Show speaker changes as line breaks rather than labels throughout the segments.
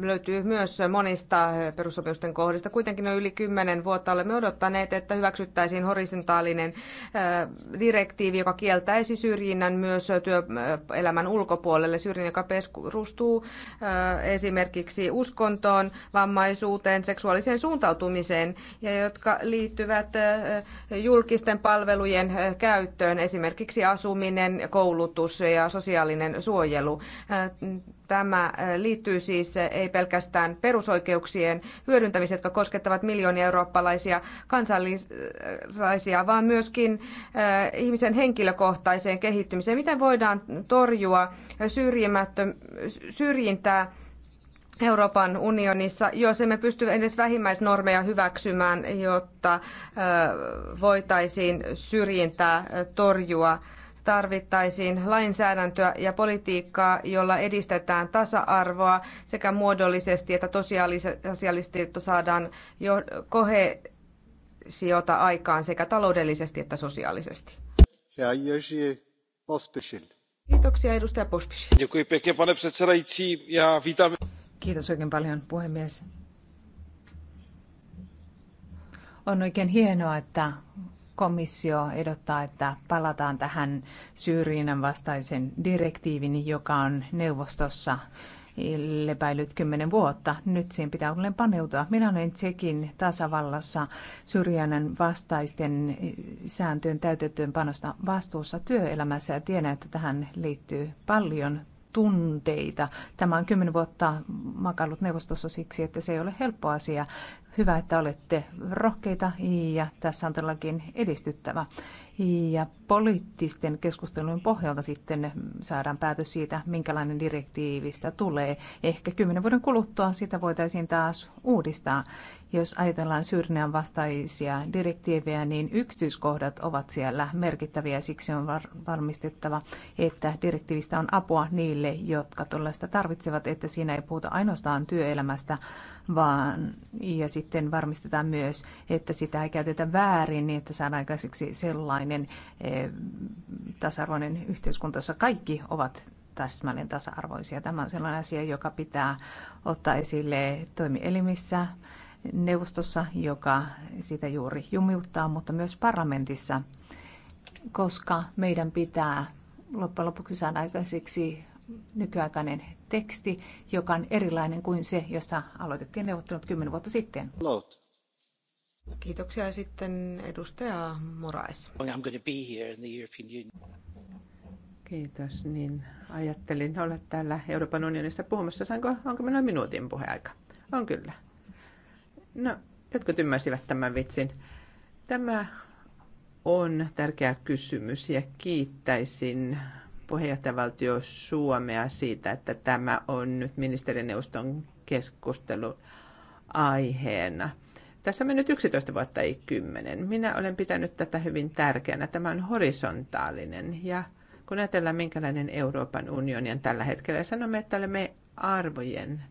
löytyy myös monista perussopimusten kohdista. Kuitenkin noin yli kymmenen vuotta olemme odottaneet, että hyväksyttäisiin horisontaalinen äh, direktiivi, joka kieltäisi syrjinnän myös työelämän ulkopuolelle. Syrjinnän, joka perustuu äh, esimerkiksi uskontoon, vammaisuuteen, seksuaaliseen suuntautumiseen ja jotka liittyvät äh, julkisten palvelujen käyttöön, esimerkiksi asuminen, koulutus ja sosiaalinen suojelu. Tämä äh, liittyy siis äh, ei pelkästään perusoikeuksien hyödyntämiseen, jotka koskettavat miljoonia eurooppalaisia kansallisia, vaan myöskin äh, ihmisen henkilökohtaiseen kehittymiseen. Miten voidaan torjua syrjintää Euroopan unionissa, jos emme pysty edes vähimmäisnormeja hyväksymään, jotta voitaisiin syrjintää torjua? tarvittaisiin lainsäädäntöä ja politiikkaa, jolla edistetään tasa-arvoa sekä muodollisesti että tosiasiallisesti, että saadaan jo kohesiota aikaan sekä taloudellisesti että sosiaalisesti.
Ja Jerzy Pospisil.
Kiitoksia edustaja Pospisil.
Děkuji pěkně, pane předsedající. Já vítám...
Kiitos oikein paljon puhemies. On oikein
hienoa, että komissio ehdottaa, että palataan tähän syrjinnän vastaisen direktiivin, joka on neuvostossa lepäilyt kymmenen vuotta. Nyt siihen pitää uudelleen paneutua. Minä olen Tsekin tasavallassa syrjännän vastaisten sääntöjen täytettyyn panosta vastuussa työelämässä ja tiedän, että tähän liittyy paljon tunteita. Tämä on kymmenen vuotta makallut neuvostossa siksi, että se ei ole helppo asia. Hyvä, että olette rohkeita ja tässä on todellakin edistyttävä ja poliittisten keskustelujen pohjalta sitten saadaan päätös siitä, minkälainen direktiivistä tulee. Ehkä kymmenen vuoden kuluttua sitä voitaisiin taas uudistaa. Jos ajatellaan syrjinnän vastaisia direktiivejä, niin yksityiskohdat ovat siellä merkittäviä. Siksi on varmistettava, että direktiivistä on apua niille, jotka tällaista tarvitsevat, että siinä ei puhuta ainoastaan työelämästä, vaan ja sitten varmistetaan myös, että sitä ei käytetä väärin niin, että saadaan aikaiseksi sellainen eh, tasa-arvoinen yhteiskunta, jossa kaikki ovat täsmälleen tasa-arvoisia. Tämä on sellainen asia, joka pitää ottaa esille toimielimissä, neuvostossa, joka sitä juuri jumiuttaa, mutta myös parlamentissa, koska meidän pitää loppujen lopuksi saada aikaiseksi nykyaikainen teksti, joka on erilainen kuin se, josta aloitettiin neuvottelut kymmenen vuotta sitten. Kiitoksia
sitten edustaja Morais. I'm going to be here in the European Union. Kiitos. Niin ajattelin olla täällä Euroopan unionissa puhumassa. Saanko, onko minulla minuutin puheaika? On kyllä. No, jotkut ymmärsivät tämän vitsin. Tämä on tärkeä kysymys ja kiittäisin puheenjohtajavaltio Suomea siitä, että tämä on nyt ministerineuvoston keskustelun aiheena. Tässä on mennyt 11 vuotta, ei 10. Minä olen pitänyt tätä hyvin tärkeänä. Tämä on horisontaalinen ja kun ajatellaan, minkälainen Euroopan unioni on tällä hetkellä, ja sanomme, että olemme arvojen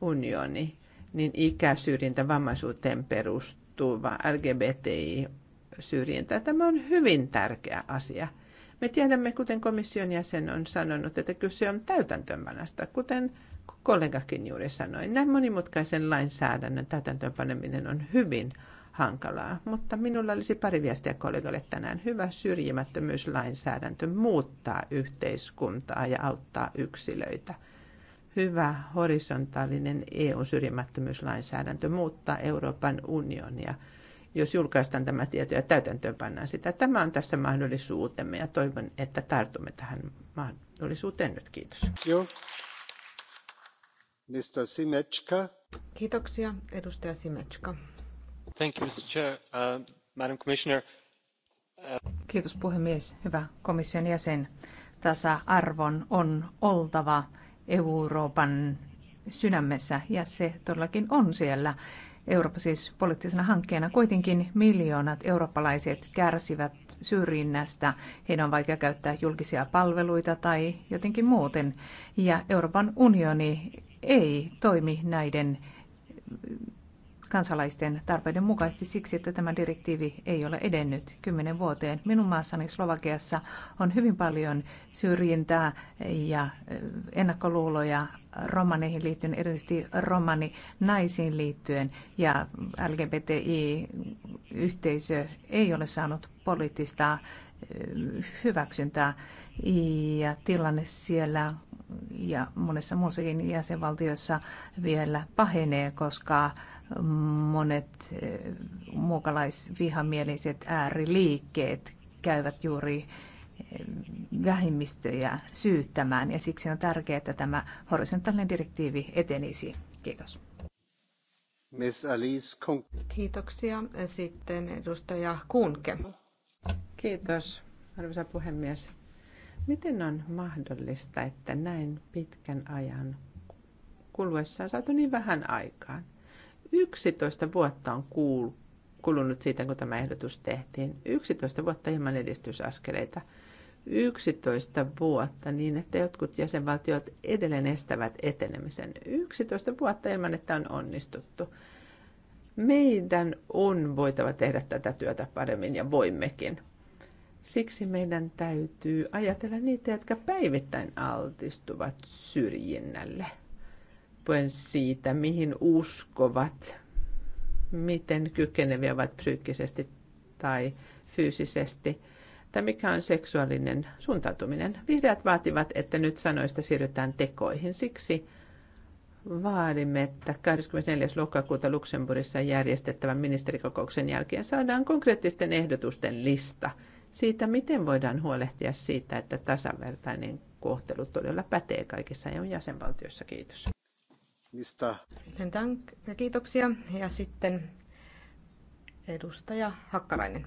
unioni, niin ikäsyrjintä vammaisuuteen perustuva LGBTI-syrjintä, tämä on hyvin tärkeä asia. Me tiedämme, kuten komission jäsen on sanonut, että kyse on täytäntöönpanosta, kuten kollegakin juuri sanoi. Näin monimutkaisen lainsäädännön täytäntöönpaneminen on hyvin hankalaa, mutta minulla olisi pari viestiä kollegalle tänään. Hyvä syrjimättömyyslainsäädäntö muuttaa yhteiskuntaa ja auttaa yksilöitä. Hyvä horisontaalinen EU-syrjimättömyyslainsäädäntö muuttaa Euroopan unionia – jos julkaistaan tämä tieto ja täytäntöön pannaan sitä. Tämä on tässä mahdollisuutemme ja toivon, että tartumme tähän mahdollisuuteen nyt. Kiitos. Joo.
Mr. Simechka.
Kiitoksia, edustaja Simechka.
Thank you, Mr. Chair. Uh, Madam Commissioner. Uh...
Kiitos puhemies. Hyvä komission jäsen.
Tasa-arvon on oltava Euroopan sydämessä ja se todellakin on siellä. Eurooppa siis poliittisena hankkeena. Kuitenkin miljoonat eurooppalaiset kärsivät syrjinnästä. Heidän on vaikea käyttää julkisia palveluita tai jotenkin muuten. Ja Euroopan unioni ei toimi näiden kansalaisten tarpeiden mukaisesti siksi, että tämä direktiivi ei ole edennyt kymmenen vuoteen. Minun maassani Slovakiassa on hyvin paljon syrjintää ja ennakkoluuloja romaneihin liittyen, erityisesti romani naisiin liittyen ja LGBTI-yhteisö ei ole saanut poliittista hyväksyntää ja tilanne siellä ja monessa muussakin jäsenvaltiossa vielä pahenee, koska monet muukalaisvihamieliset ääriliikkeet käyvät juuri vähemmistöjä syyttämään ja siksi on tärkeää, että tämä horisontaalinen direktiivi etenisi.
Kiitos. Kiitoksia. Sitten
edustaja Kunke. Kiitos, arvoisa puhemies. Miten on mahdollista, että näin pitkän ajan kuluessa on saatu niin vähän aikaan? 11 vuotta on kulunut siitä, kun tämä ehdotus tehtiin. 11 vuotta ilman edistysaskeleita. 11 vuotta niin, että jotkut jäsenvaltiot edelleen estävät etenemisen. 11 vuotta ilman, että on onnistuttu. Meidän on voitava tehdä tätä työtä paremmin ja voimmekin. Siksi meidän täytyy ajatella niitä, jotka päivittäin altistuvat syrjinnälle. Puen siitä, mihin uskovat, miten kykeneviä ovat psyykkisesti tai fyysisesti – tai mikä on seksuaalinen suuntautuminen. Vihreät vaativat, että nyt sanoista siirrytään tekoihin. Siksi vaadimme, että 24. lokakuuta Luxemburgissa järjestettävän ministerikokouksen jälkeen saadaan konkreettisten ehdotusten lista siitä, miten voidaan huolehtia siitä, että tasavertainen kohtelu todella pätee kaikissa EUn jäsenvaltioissa. Kiitos.
Mistä?
Kiitoksia. Ja sitten edustaja Hakkarainen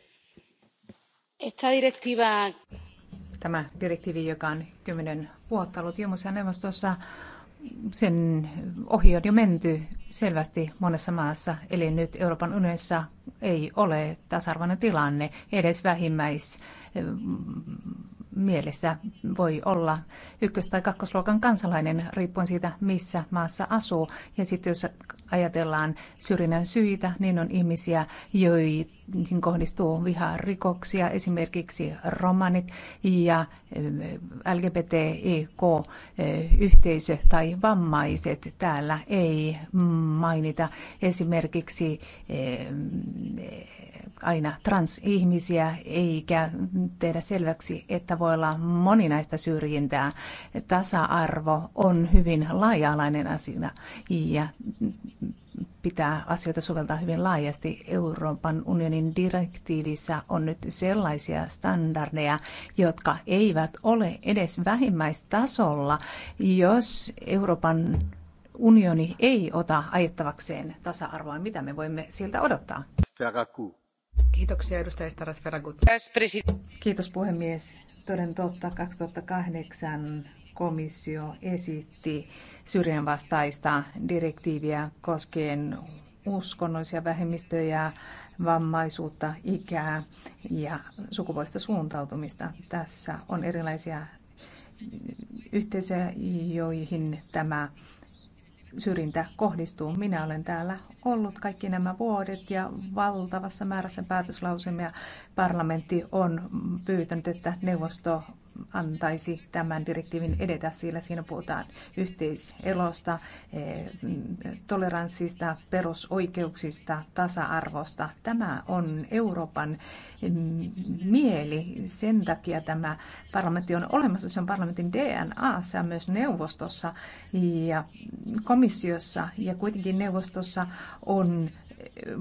Tämä direktiivi, joka on kymmenen
vuotta ollut ilmaisen neuvostossa, sen ohi on jo menty selvästi monessa maassa, eli nyt Euroopan unionissa ei ole tasa-arvoinen tilanne, edes vähimmäis mielessä voi olla ykkös- tai kakkosluokan kansalainen riippuen siitä, missä maassa asuu. Ja sitten jos ajatellaan syrjinnän syitä, niin on ihmisiä, joihin kohdistuu vihaa rikoksia, esimerkiksi romanit ja lgbtik yhteisö tai vammaiset. Täällä ei mainita esimerkiksi aina transihmisiä, eikä tehdä selväksi, että voi olla moninaista syrjintää. Tasa-arvo on hyvin laaja-alainen asia ja pitää asioita soveltaa hyvin laajasti. Euroopan unionin direktiivissä on nyt sellaisia standardeja, jotka eivät ole edes vähimmäistasolla, jos Euroopan unioni ei ota ajettavakseen tasa-arvoa. Mitä me voimme siltä odottaa? Kiitoksia edustaja Staras Ferragut. Kiitos puhemies. Toden totta 2008 komissio esitti syrjän vastaista direktiiviä koskien uskonnollisia vähemmistöjä, vammaisuutta, ikää ja sukupuolista suuntautumista. Tässä on erilaisia yhteisöjä, joihin tämä syrjintä kohdistuu. Minä olen täällä ollut kaikki nämä vuodet ja valtavassa määrässä päätöslausemia parlamentti on pyytänyt, että neuvosto antaisi tämän direktiivin edetä, sillä siinä puhutaan yhteiselosta, eh, toleranssista, perusoikeuksista, tasa-arvosta. Tämä on Euroopan mieli. Sen takia tämä parlamentti on olemassa. Se on parlamentin DNA, se on myös neuvostossa ja komissiossa. Ja kuitenkin neuvostossa on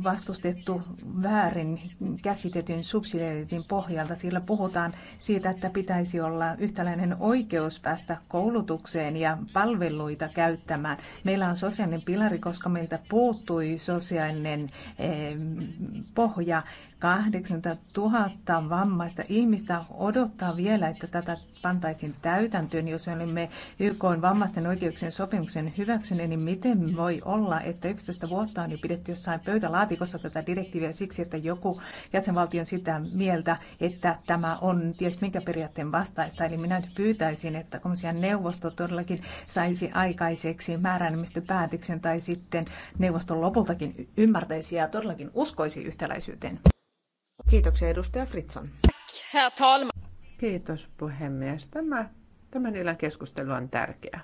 vastustettu väärin käsitetyn subsidiariteetin pohjalta, sillä puhutaan siitä, että pitäisi olla yhtäläinen oikeus päästä koulutukseen ja palveluita käyttämään. Meillä on sosiaalinen pilari, koska meiltä puuttui sosiaalinen eh, pohja 800 000 vammaista ihmistä odottaa vielä, että tätä pantaisiin täytäntöön. Jos olemme YK vammaisten oikeuksien sopimuksen hyväksyneet, niin miten voi olla, että 11 vuotta on jo pidetty jossain pöytälaatikossa tätä direktiiviä siksi, että joku jäsenvaltio on sitä mieltä, että tämä on ties minkä periaatteen vastaista. Eli minä nyt pyytäisin, että komission neuvosto todellakin saisi aikaiseksi määräenemmistöpäätöksen tai sitten neuvoston lopultakin ymmärtäisi ja todellakin uskoisi yhtäläisyyteen. Kiitoksia edustaja
Fritson. Kiitos puhemies. Tämä, tämän illan keskustelu on tärkeä.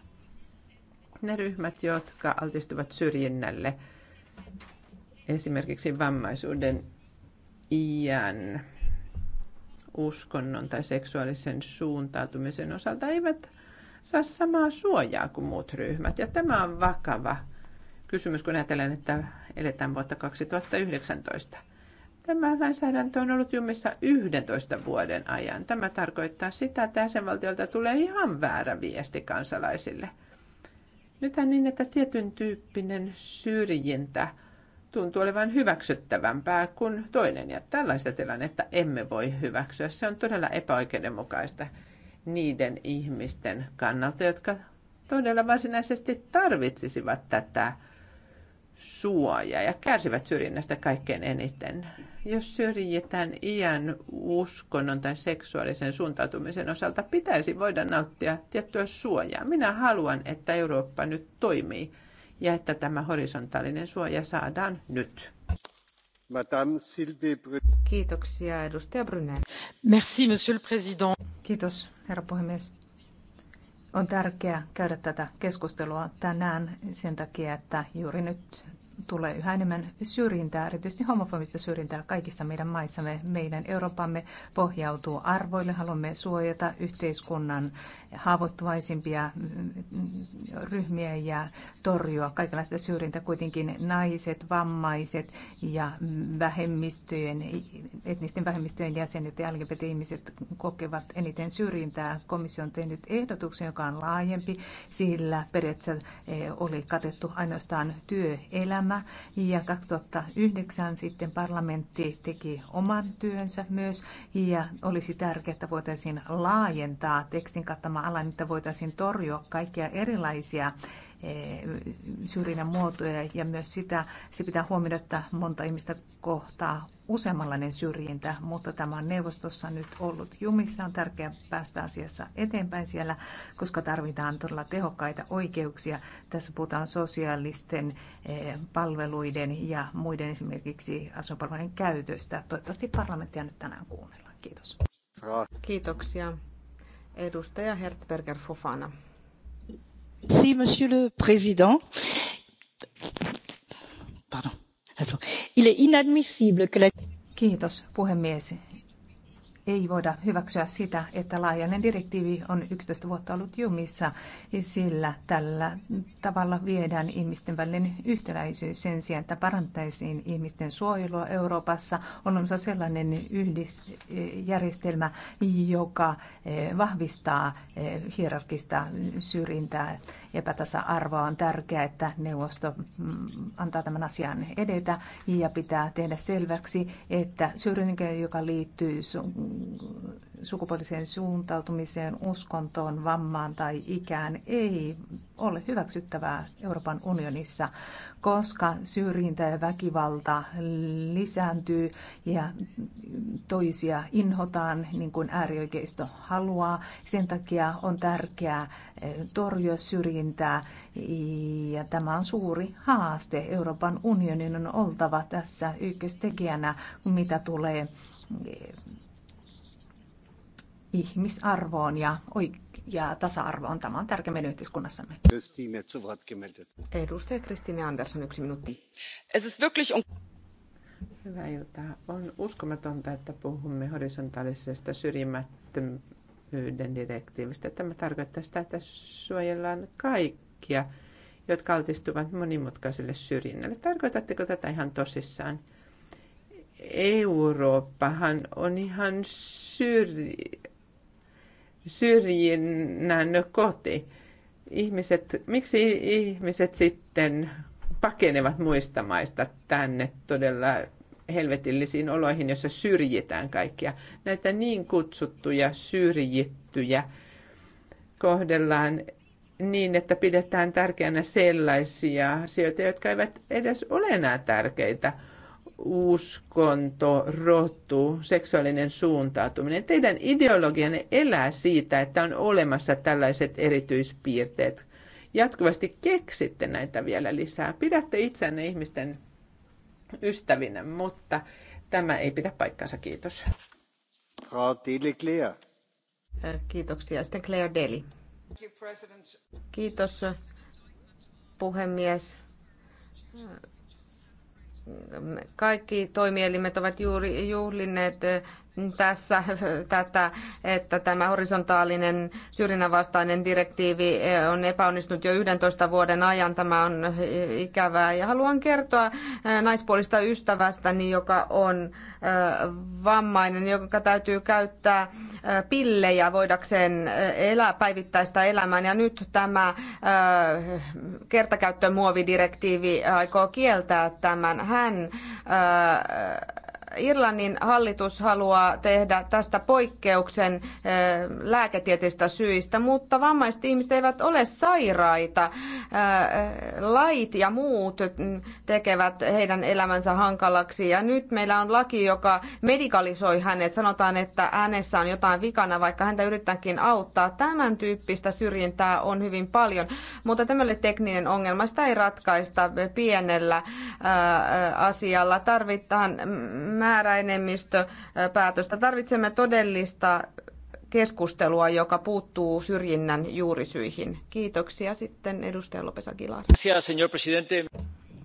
Ne ryhmät, jotka altistuvat syrjinnälle, esimerkiksi vammaisuuden, iän, uskonnon tai seksuaalisen suuntautumisen osalta, eivät saa samaa suojaa kuin muut ryhmät. Ja tämä on vakava kysymys, kun ajatellaan, että eletään vuotta 2019. Tämä lainsäädäntö on ollut jumissa 11 vuoden ajan. Tämä tarkoittaa sitä, että jäsenvaltiolta tulee ihan väärä viesti kansalaisille. Nythän niin, että tietyn tyyppinen syrjintä tuntuu olevan hyväksyttävämpää kuin toinen, ja tällaista tilannetta emme voi hyväksyä. Se on todella epäoikeudenmukaista niiden ihmisten kannalta, jotka todella varsinaisesti tarvitsisivat tätä suojaa ja kärsivät syrjinnästä kaikkein eniten. Jos syrjitään iän, uskonnon tai seksuaalisen suuntautumisen osalta, pitäisi voida nauttia tiettyä suojaa. Minä haluan, että Eurooppa nyt toimii ja että tämä horisontaalinen suoja saadaan
nyt. Madame Sylvie Kiitoksia, edustaja
Brunel. Merci, monsieur le président. Kiitos, herra puhemies. On tärkeää käydä tätä keskustelua tänään sen takia, että juuri nyt tulee yhä enemmän syrjintää, erityisesti homofobista syrjintää kaikissa meidän maissamme. Meidän Euroopamme pohjautuu arvoille. Haluamme suojata yhteiskunnan haavoittuvaisimpia ryhmiä ja torjua kaikenlaista syrjintää. Kuitenkin naiset, vammaiset ja vähemmistöjen, etnisten vähemmistöjen jäsenet ja LGBT-ihmiset kokevat eniten syrjintää. Komissio on tehnyt ehdotuksen, joka on laajempi, sillä periaatteessa eh, oli katettu ainoastaan työelämä tämä. Ja 2009 sitten parlamentti teki oman työnsä myös ja olisi tärkeää, että voitaisiin laajentaa tekstin kattama ala, niin että voitaisiin torjua kaikkia erilaisia Eh, syrjinnän muotoja ja myös sitä, se pitää huomioida, että monta ihmistä kohtaa useammanlainen syrjintä, mutta tämä on neuvostossa nyt ollut jumissa. On tärkeää päästä asiassa eteenpäin siellä, koska tarvitaan todella tehokkaita oikeuksia. Tässä puhutaan sosiaalisten eh, palveluiden ja muiden esimerkiksi asuinpalveluiden käytöstä. Toivottavasti parlamenttia nyt tänään
kuunnellaan. Kiitos. Kiitoksia. Edustaja Hertzberger Fofana monsieur le président
il est inadmissible que la. kiitos ei voida hyväksyä sitä, että laajainen direktiivi on 11 vuotta ollut jumissa, sillä tällä tavalla viedään ihmisten välinen yhtäläisyys sen sijaan, että parantaisiin ihmisten suojelua Euroopassa. On olemassa sellainen yhdistelmä, järjestelmä, joka eh, vahvistaa eh, hierarkista syrjintää. Epätasa-arvoa on tärkeää, että neuvosto mm, antaa tämän asian edetä ja pitää tehdä selväksi, että syrjintä, joka liittyy sukupuoliseen suuntautumiseen, uskontoon, vammaan tai ikään ei ole hyväksyttävää Euroopan unionissa, koska syrjintä ja väkivalta lisääntyy ja toisia inhotaan niin kuin äärioikeisto haluaa. Sen takia on tärkeää eh, torjua syrjintää ja tämä on suuri haaste. Euroopan unionin on oltava tässä ykköstekijänä, mitä tulee eh, ihmisarvoon ja, ja tasa-arvoon. Tämä
on tärkeä meidän yhteiskunnassamme. Edustaja Kristine Andersson, yksi minuutti.
Hyvää iltaa. On uskomatonta, että puhumme horisontaalisesta syrjimättömyyden direktiivistä. Tämä tarkoittaa sitä, että suojellaan kaikkia, jotka altistuvat monimutkaiselle syrjinnälle. Tarkoitatteko tätä ihan tosissaan? Eurooppahan on ihan syrji syrjinnän koti. Ihmiset, miksi ihmiset sitten pakenevat muista maista tänne todella helvetillisiin oloihin, jossa syrjitään kaikkia. Näitä niin kutsuttuja syrjittyjä kohdellaan niin, että pidetään tärkeänä sellaisia asioita, jotka eivät edes ole enää tärkeitä – uskonto, rotu, seksuaalinen suuntautuminen. Teidän ideologianne elää siitä, että on olemassa tällaiset erityispiirteet. Jatkuvasti keksitte näitä vielä lisää. Pidätte itsenne ihmisten ystävinä, mutta tämä ei pidä paikkansa. Kiitos. Äh, kiitoksia. Sitten Claire Deli.
Kiitos, puhemies kaikki toimielimet ovat juuri juhlineet tässä tätä, että tämä horisontaalinen syrjinnän vastainen direktiivi eh, on epäonnistunut jo 11 vuoden ajan. Tämä on eh, ikävää ja haluan kertoa eh, naispuolista ystävästäni, joka on vammainen, joka täytyy käyttää pillejä voidakseen elää päivittäistä elämää. Ja nyt tämä kertakäyttömuovidirektiivi aikoo kieltää tämän. Hän Irlannin hallitus haluaa tehdä tästä poikkeuksen eh, lääketieteistä syistä, mutta vammaiset ihmiset eivät ole sairaita. Eh, lait ja muut tekevät heidän elämänsä hankalaksi ja nyt meillä on laki, joka medikalisoi hänet. Sanotaan, että hänessä on jotain vikana, vaikka häntä yrittääkin auttaa. Tämän tyyppistä syrjintää on hyvin paljon, mutta tämmöinen tekninen ongelma. Sitä ei ratkaista pienellä eh, asialla. Tarvitaan määräenemmistöpäätöstä. Tarvitsemme todellista keskustelua, joka puuttuu syrjinnän juurisyihin. Kiitoksia sitten edustaja Lopes Aguilar.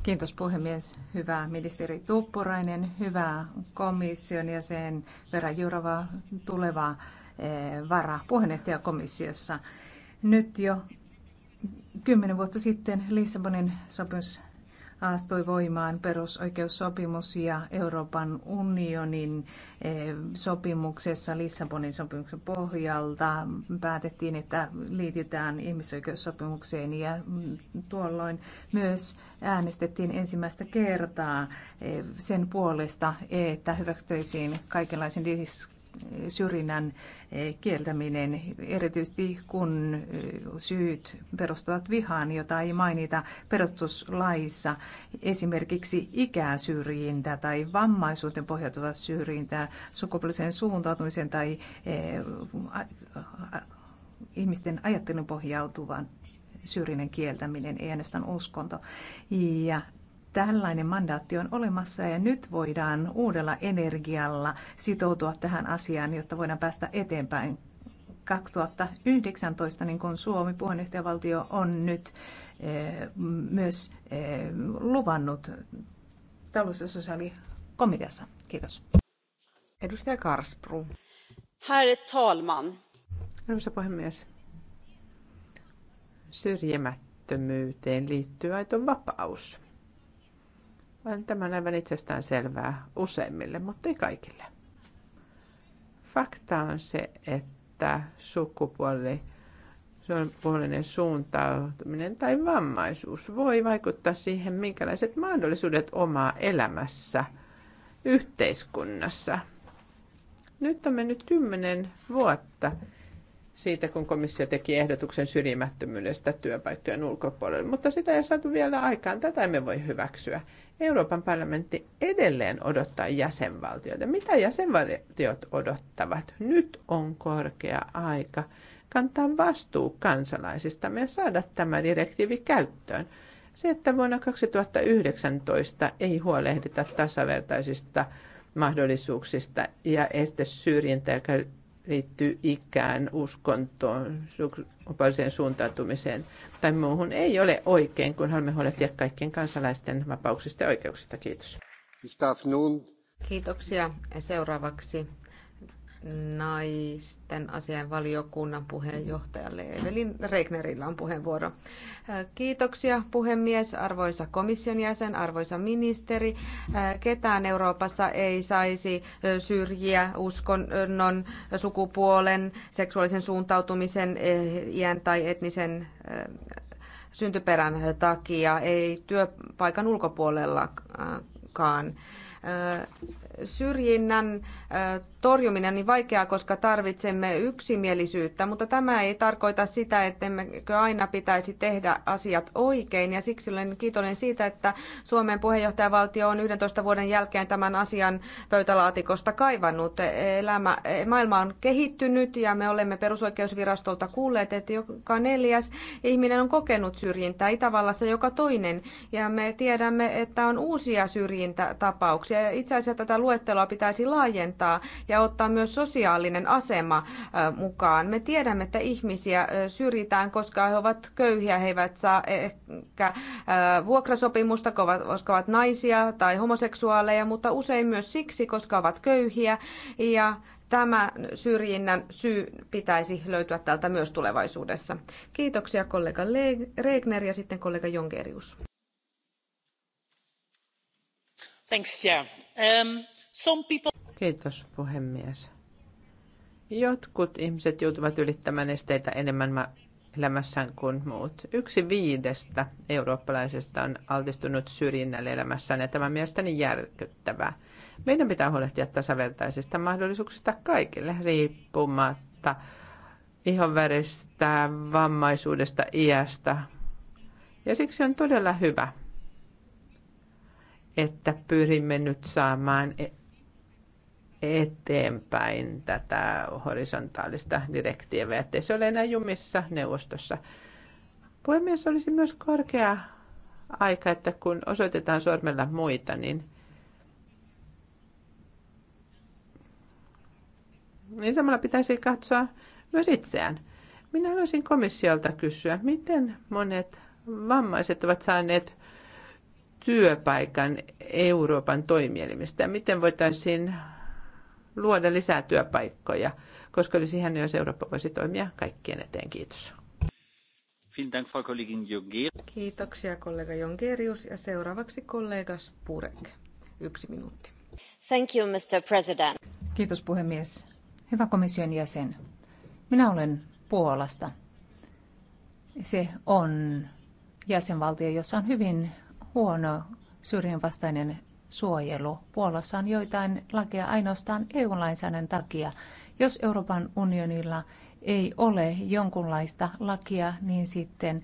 Kiitos puhemies.
Hyvä ministeri Tuppurainen, hyvä komission ja sen Vera Jurova tuleva vara komissiossa. Nyt jo kymmenen vuotta sitten Lissabonin sopimus astui voimaan perusoikeussopimus ja Euroopan unionin eh, sopimuksessa Lissabonin sopimuksen pohjalta päätettiin, että liitytään ihmisoikeussopimukseen ja tuolloin myös äänestettiin ensimmäistä kertaa eh, sen puolesta, että hyväksyttäisiin kaikenlaisen diskriminaation syrjinnän eh, kieltäminen, erityisesti kun eh, syyt perustuvat vihaan, jota ei mainita perustuslaissa. Esimerkiksi ikäsyrjintä tai vammaisuuteen pohjautuva syrjintä, sukupuolisen suuntautumisen tai eh, ihmisten ajattelun pohjautuvan syrjinnän kieltäminen, ei ainoastaan uskonto. Ja tällainen mandaatti on olemassa ja nyt voidaan uudella energialla sitoutua tähän asiaan, jotta voidaan päästä eteenpäin. 2019, niin kuin Suomi puheenjohtajavaltio on nyt eh, myös eh, luvannut talous- ja sosiaalikomiteassa. Kiitos. Edustaja Karspru.
Herr talman.
Arvoisa puhemies. Syrjimättömyyteen liittyy aito vapaus on tämä on aivan itsestään selvää useimmille, mutta ei kaikille. Fakta on se, että sukupuoli sukupuolinen suuntautuminen tai vammaisuus voi vaikuttaa siihen, minkälaiset mahdollisuudet omaa elämässä, yhteiskunnassa. Nyt on mennyt kymmenen vuotta siitä, kun komissio teki ehdotuksen syrjimättömyydestä työpaikkojen ulkopuolelle, mutta sitä ei saatu vielä aikaan. Tätä emme voi hyväksyä. Euroopan parlamentti edelleen odottaa jäsenvaltioita. Mitä jäsenvaltiot odottavat? Nyt on korkea aika kantaa vastuu kansalaisista ja saada tämä direktiivi käyttöön. Se, että vuonna 2019 ei huolehdita tasavertaisista mahdollisuuksista ja este syrjintä ja liittyy ikään, uskontoon, opalliseen suuntautumiseen tai muuhun, ei ole oikein, kun haluamme huolehtia kaikkien kansalaisten vapauksista ja oikeuksista. Kiitos.
Kiitoksia. Seuraavaksi naisten asian valiokunnan puheenjohtajalle Evelin Regnerillä on puheenvuoro. Äh, kiitoksia puhemies, arvoisa komission jäsen, arvoisa ministeri. Äh, ketään Euroopassa ei saisi äh, syrjiä uskonnon, sukupuolen, seksuaalisen suuntautumisen, iän tai etnisen syntyperän takia, ei työpaikan ulkopuolellakaan syrjinnän torjuminen on niin vaikeaa, koska tarvitsemme yksimielisyyttä, mutta tämä ei tarkoita sitä, että ettemmekö aina pitäisi tehdä asiat oikein. Ja siksi olen kiitollinen siitä, että Suomen puheenjohtajavaltio on 11 vuoden jälkeen tämän asian pöytälaatikosta kaivannut. Elämä, maailma on kehittynyt ja me olemme perusoikeusvirastolta kuulleet, että joka neljäs ihminen on kokenut syrjintää, Itävallassa joka toinen. Ja me tiedämme, että on uusia syrjintätapauksia. Itse asiassa tätä luetteloa pitäisi laajentaa kohtaa ja ottaa myös sosiaalinen asema mukaan. Me tiedämme, että ihmisiä syrjitään, koska he ovat köyhiä, he eivät saa ehkä vuokrasopimusta, koska ovat naisia tai homoseksuaaleja, mutta usein myös siksi, koska ovat köyhiä ja tämä syrjinnän syy pitäisi löytyä täältä myös tulevaisuudessa. Kiitoksia kollega Regner ja sitten kollega Jongerius.
Thanks, yeah. um, some people... Kiitos puhemies. Jotkut ihmiset joutuvat ylittämään esteitä enemmän elämässään kuin muut. Yksi viidestä eurooppalaisesta on altistunut syrjinnälle elämässään ja tämä on mielestäni järkyttävää. Meidän pitää huolehtia tasavertaisista mahdollisuuksista kaikille riippumatta ihonväristä, vammaisuudesta, iästä. Ja siksi on todella hyvä, että pyrimme nyt saamaan eteenpäin tätä horisontaalista direktiiviä, ettei se ole enää jumissa neuvostossa. Puhemies olisi myös korkea aika, että kun osoitetaan sormella muita, niin, niin samalla pitäisi katsoa myös itseään. Minä haluaisin komissiolta kysyä, miten monet vammaiset ovat saaneet työpaikan Euroopan toimielimistä? Miten voitaisiin luoda lisää työpaikkoja, koska olisi ihan jos Eurooppa voisi toimia kaikkien eteen. Kiitos. Kiitoksia
kollega Jongerius ja seuraavaksi kollega Spurek. Yksi minuutti. Thank you, Mr. President. Kiitos puhemies.
Hyvä komission jäsen. Minä olen Puolasta. Se on jäsenvaltio, jossa on hyvin huono syrjän vastainen suojelu. Puolassa on joitain lakeja ainoastaan EU-lainsäädännön takia. Jos Euroopan unionilla ei ole jonkunlaista lakia, niin sitten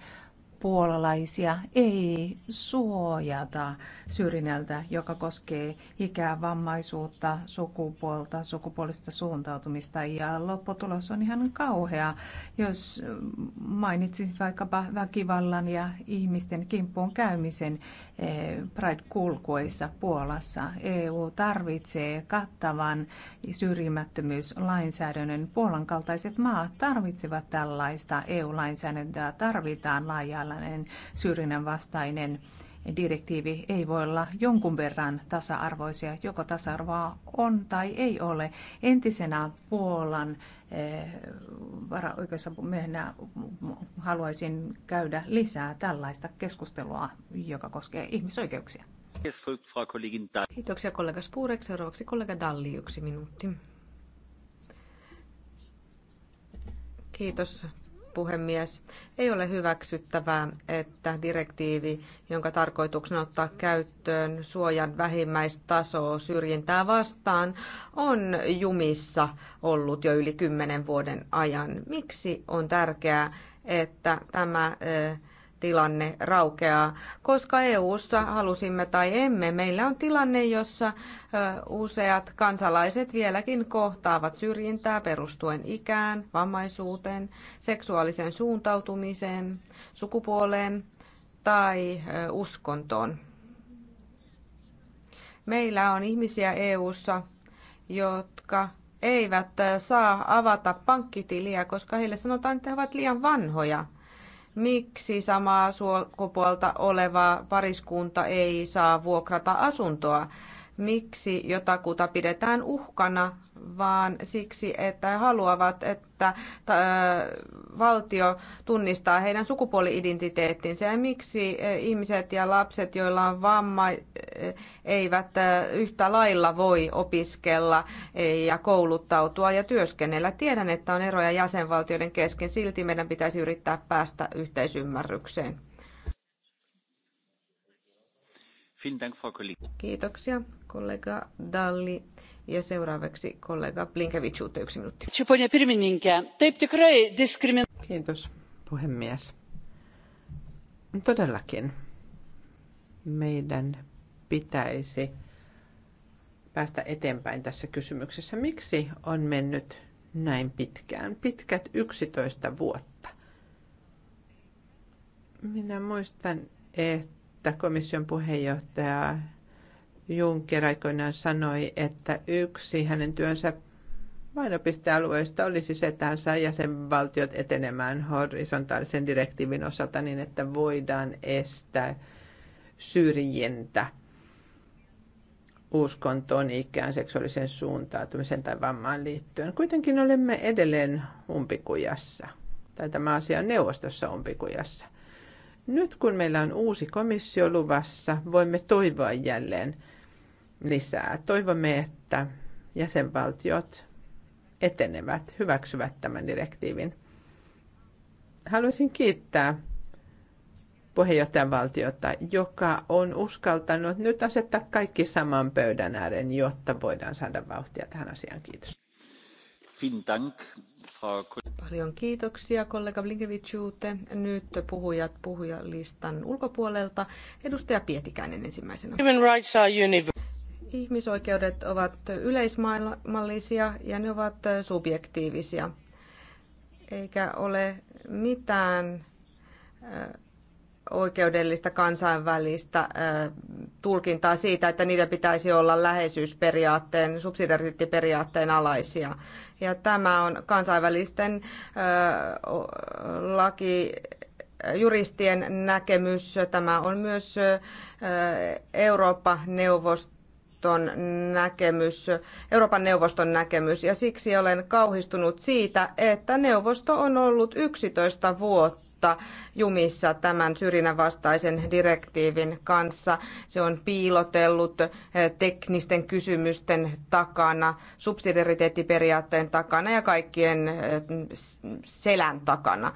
puolalaisia ei suojata syrjinnältä, joka koskee ikää, vammaisuutta, sukupuolta, sukupuolista suuntautumista ja lopputulos on ihan kauhea. Jos mainitsin vaikkapa väkivallan ja ihmisten kimppuun käymisen eh, Pride-kulkuissa Puolassa, EU tarvitsee kattavan syrjimättömyyslainsäädännön. Puolan kaltaiset maat tarvitsevat tällaista EU-lainsäädäntöä, tarvitaan laajaa tällainen syrjinnän vastainen direktiivi ei voi olla jonkun verran tasa-arvoisia, joko tasa-arvoa on tai ei ole. Entisenä Puolan eh, varaoikeusapumiehenä haluaisin käydä lisää tällaista keskustelua, joka koskee ihmisoikeuksia.
Kiitoksia kollega Spurek. Seuraavaksi kollega Dalli, yksi minuutti. Kiitos puhemies. Ei ole hyväksyttävää, että direktiivi, jonka tarkoituksena ottaa käyttöön suojan vähimmäistaso syrjintää vastaan, on jumissa ollut jo yli kymmenen vuoden ajan. Miksi on tärkeää, että tämä äh, tilanne raukeaa, koska EU:ssa halusimme tai emme, meillä on tilanne, jossa useat kansalaiset vieläkin kohtaavat syrjintää perustuen ikään, vammaisuuteen, seksuaaliseen suuntautumiseen, sukupuoleen tai uskontoon. Meillä on ihmisiä EU:ssa, jotka eivät saa avata pankkitiliä, koska heille sanotaan, että he ovat liian vanhoja miksi samaa sukupuolta oleva pariskunta ei saa vuokrata asuntoa miksi jotakuta pidetään uhkana, vaan siksi, että haluavat, että äh, valtio tunnistaa heidän sukupuoli-identiteettinsä ja miksi äh, ihmiset ja lapset, joilla on vamma, äh, eivät yhtä lailla voi opiskella ja kouluttautua ja työskennellä. Tiedän, että on eroja jäsenvaltioiden kesken, silti meidän pitäisi yrittää päästä yhteisymmärrykseen. Kiitoksia, kollega Dalli. Ja seuraavaksi kollega uutta yksi minuutti.
Kiitos, puhemies. Todellakin meidän pitäisi päästä eteenpäin tässä kysymyksessä. Miksi on mennyt näin pitkään? Pitkät 11 vuotta. Minä muistan, että että komission puheenjohtaja Juncker aikoinaan sanoi, että yksi hänen työnsä painopistealueista olisi se, että hän saa jäsenvaltiot etenemään horisontaalisen direktiivin osalta niin, että voidaan estää syrjintä uskontoon, ikään, seksuaalisen suuntautumisen tai vammaan liittyen. Kuitenkin olemme edelleen umpikujassa, tai tämä asia on neuvostossa umpikujassa. Nyt kun meillä on uusi komissio luvassa, voimme toivoa jälleen lisää. Toivomme, että jäsenvaltiot etenevät, hyväksyvät tämän direktiivin. Haluaisin kiittää puheenjohtajavaltiota, joka on uskaltanut nyt asettaa kaikki saman pöydän ääreen, jotta voidaan saada vauhtia tähän asiaan. Kiitos.
Paljon kiitoksia kollega Blinkevičiute. Nyt puhujat puhujalistan ulkopuolelta. Edustaja Pietikäinen ensimmäisenä. Ihmisoikeudet ovat yleismaailmallisia ja ne ovat subjektiivisia. Eikä ole mitään oikeudellista kansainvälistä tulkintaa siitä, että niiden pitäisi olla läheisyysperiaatteen, subsidiariteettiperiaatteen alaisia. Ja tämä on kansainvälisten laki juristien näkemys. Tämä on myös Eurooppa-neuvoston näkemys, Euroopan neuvoston näkemys. Ja siksi olen kauhistunut siitä, että neuvosto on ollut 11 vuotta neuvostosta jumissa tämän syrjinnän vastaisen direktiivin kanssa. Se on piilotellut eh, teknisten kysymysten takana, subsidiariteettiperiaatteen takana ja kaikkien eh, selän takana.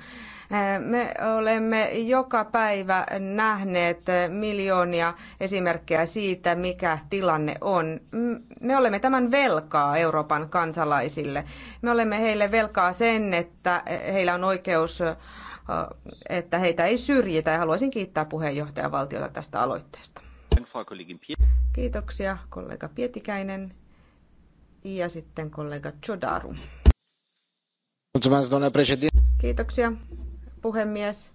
Eh, me olemme joka päivä nähneet miljoonia esimerkkejä siitä, mikä tilanne on. Me olemme tämän velkaa Euroopan kansalaisille. Me olemme heille velkaa sen, että heillä on oikeus että heitä ei syrjitä. Ja haluaisin kiittää puheenjohtajavaltiota tästä aloitteesta. Kiitoksia kollega Pietikäinen ja sitten kollega Chodaru. Kiitoksia puhemies.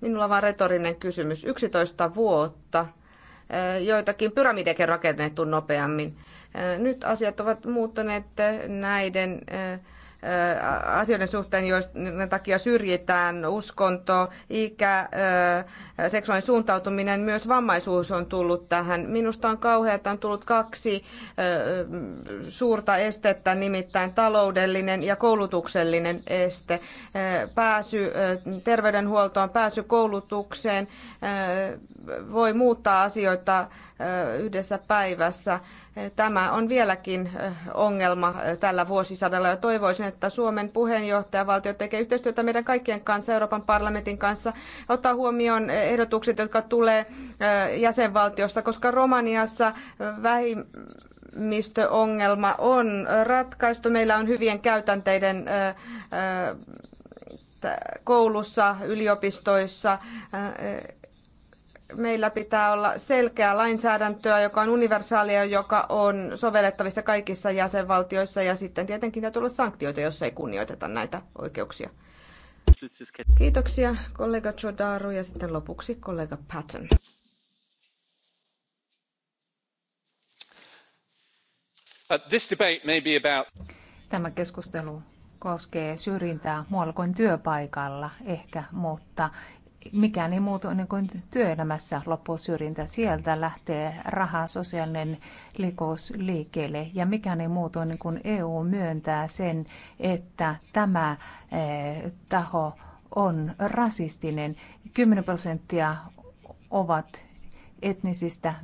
Minulla on vain retorinen kysymys. 11 vuotta. Joitakin pyramidekin rakennettu nopeammin. Nyt asiat ovat muuttuneet näiden asioiden suhteen, joiden takia syrjitään uskonto, ikä, seksuaalinen suuntautuminen, myös vammaisuus on tullut tähän. Minusta on kauhea, että on tullut kaksi suurta estettä, nimittäin taloudellinen ja koulutuksellinen este. Pääsy terveydenhuoltoon, pääsy koulutukseen, voi muuttaa asioita yhdessä päivässä. Tämä on vieläkin ongelma tällä vuosisadalla ja toivoisin, että Suomen puheenjohtajavaltio tekee yhteistyötä meidän kaikkien kanssa, Euroopan parlamentin kanssa, ottaa huomioon ehdotukset, jotka tulee jäsenvaltiosta, koska Romaniassa vähimistöongelma on ratkaistu. Meillä on hyvien käytänteiden koulussa, yliopistoissa meillä pitää olla selkeää lainsäädäntöä, joka on universaalia, joka on sovellettavissa kaikissa jäsenvaltioissa ja sitten tietenkin täytyy olla sanktioita, jos ei kunnioiteta näitä oikeuksia. Kiitoksia kollega Jodaru ja sitten lopuksi kollega Patton.
Uh,
Tämä
keskustelu koskee syrjintää muualla kuin työpaikalla ehkä, mutta mikään ei muutu ennen kuin työelämässä loppuu syrjintä. Sieltä lähtee raha, sosiaalinen likous liikkeelle ja mikään ei muutu ennen kuin EU myöntää sen, että tämä eh, taho on rasistinen. 10 prosenttia ovat etnisistä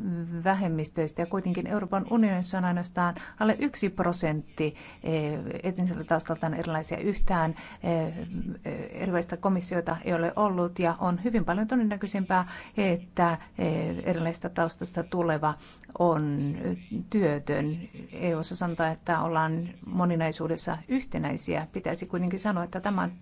vähemmistöistä ja kuitenkin Euroopan unionissa on ainoastaan alle yksi prosentti eh, etniseltä taustaltaan erilaisia yhtään eh, erilaisista komissiota ei ole ollut ja on hyvin paljon todennäköisempää, että eh, erilaisista taustasta tuleva on työtön. EU sanotaan, että ollaan moninaisuudessa yhtenäisiä. Pitäisi kuitenkin sanoa, että tämä on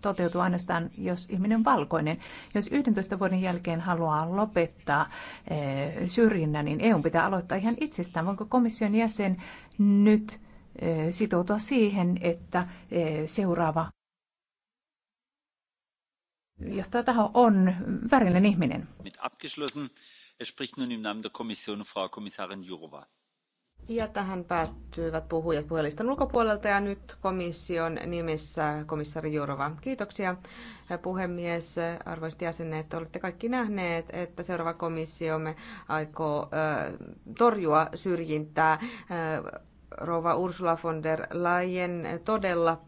toteutuu ainoastaan, jos ihminen on valkoinen. Jos 11 vuoden jälkeen haluaa lopettaa eh, syrjinnän, niin EU pitää aloittaa ihan itsestään. Voinko komission jäsen nyt eh, sitoutua siihen, että eh, seuraava johtaja taho
on värillinen ihminen?
Mit abgeschlossen. Es spricht nun im Namen der Kommission Frau Kommissarin Jourova.
Ja tähän päättyvät puhujat puhelistan ulkopuolelta ja nyt komission nimissä komissari Jurova. Kiitoksia puhemies, arvoisat jäsenet. Olette kaikki nähneet, että seuraava komissio me aikoo torjua syrjintää. Rova Ursula von der Leyen todella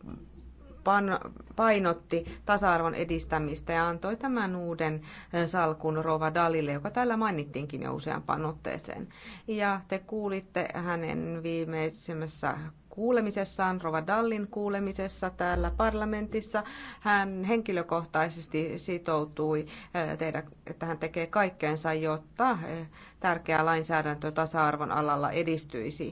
painotti tasa-arvon edistämistä ja antoi tämän uuden salkun Rova Dalille, joka täällä mainittiinkin jo useampaan otteeseen. Ja te kuulitte hänen viimeisimmässä kuulemisessaan, Rova Dallin kuulemisessa täällä parlamentissa. Hän henkilökohtaisesti sitoutui eh, tehdä, että hän tekee kaikkeensa, jotta eh, tärkeä lainsäädäntö tasa-arvon alalla edistyisi.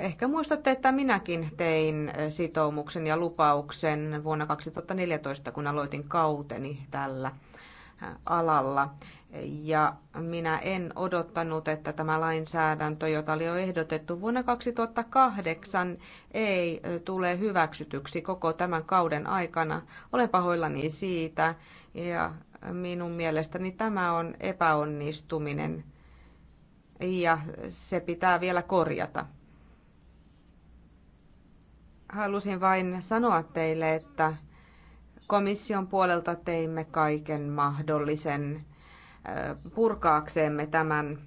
Eh, ehkä muistatte, että minäkin tein sitoumuksen ja lupauksen vuonna 2014, kun aloitin kauteni tällä alalla. Ja minä en odottanut, että tämä lainsäädäntö, jota oli jo ehdotettu vuonna 2008, ei tule hyväksytyksi koko tämän kauden aikana. Olen pahoillani siitä ja minun mielestäni tämä on epäonnistuminen ja se pitää vielä korjata. Halusin vain sanoa teille, että Komission puolelta teimme kaiken mahdollisen purkaaksemme tämän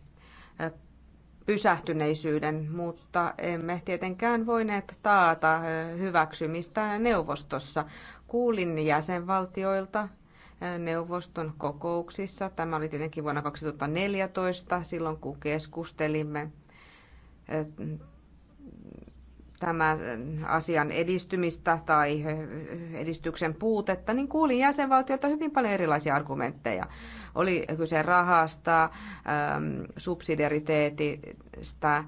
pysähtyneisyyden, mutta emme tietenkään voineet taata hyväksymistä neuvostossa. Kuulin jäsenvaltioilta neuvoston kokouksissa. Tämä oli tietenkin vuonna 2014, silloin kun keskustelimme tämän asian edistymistä tai edistyksen puutetta, niin kuulin jäsenvaltioita hyvin paljon erilaisia argumentteja. Oli kyse rahasta, ähm, subsidiariteetista, äh,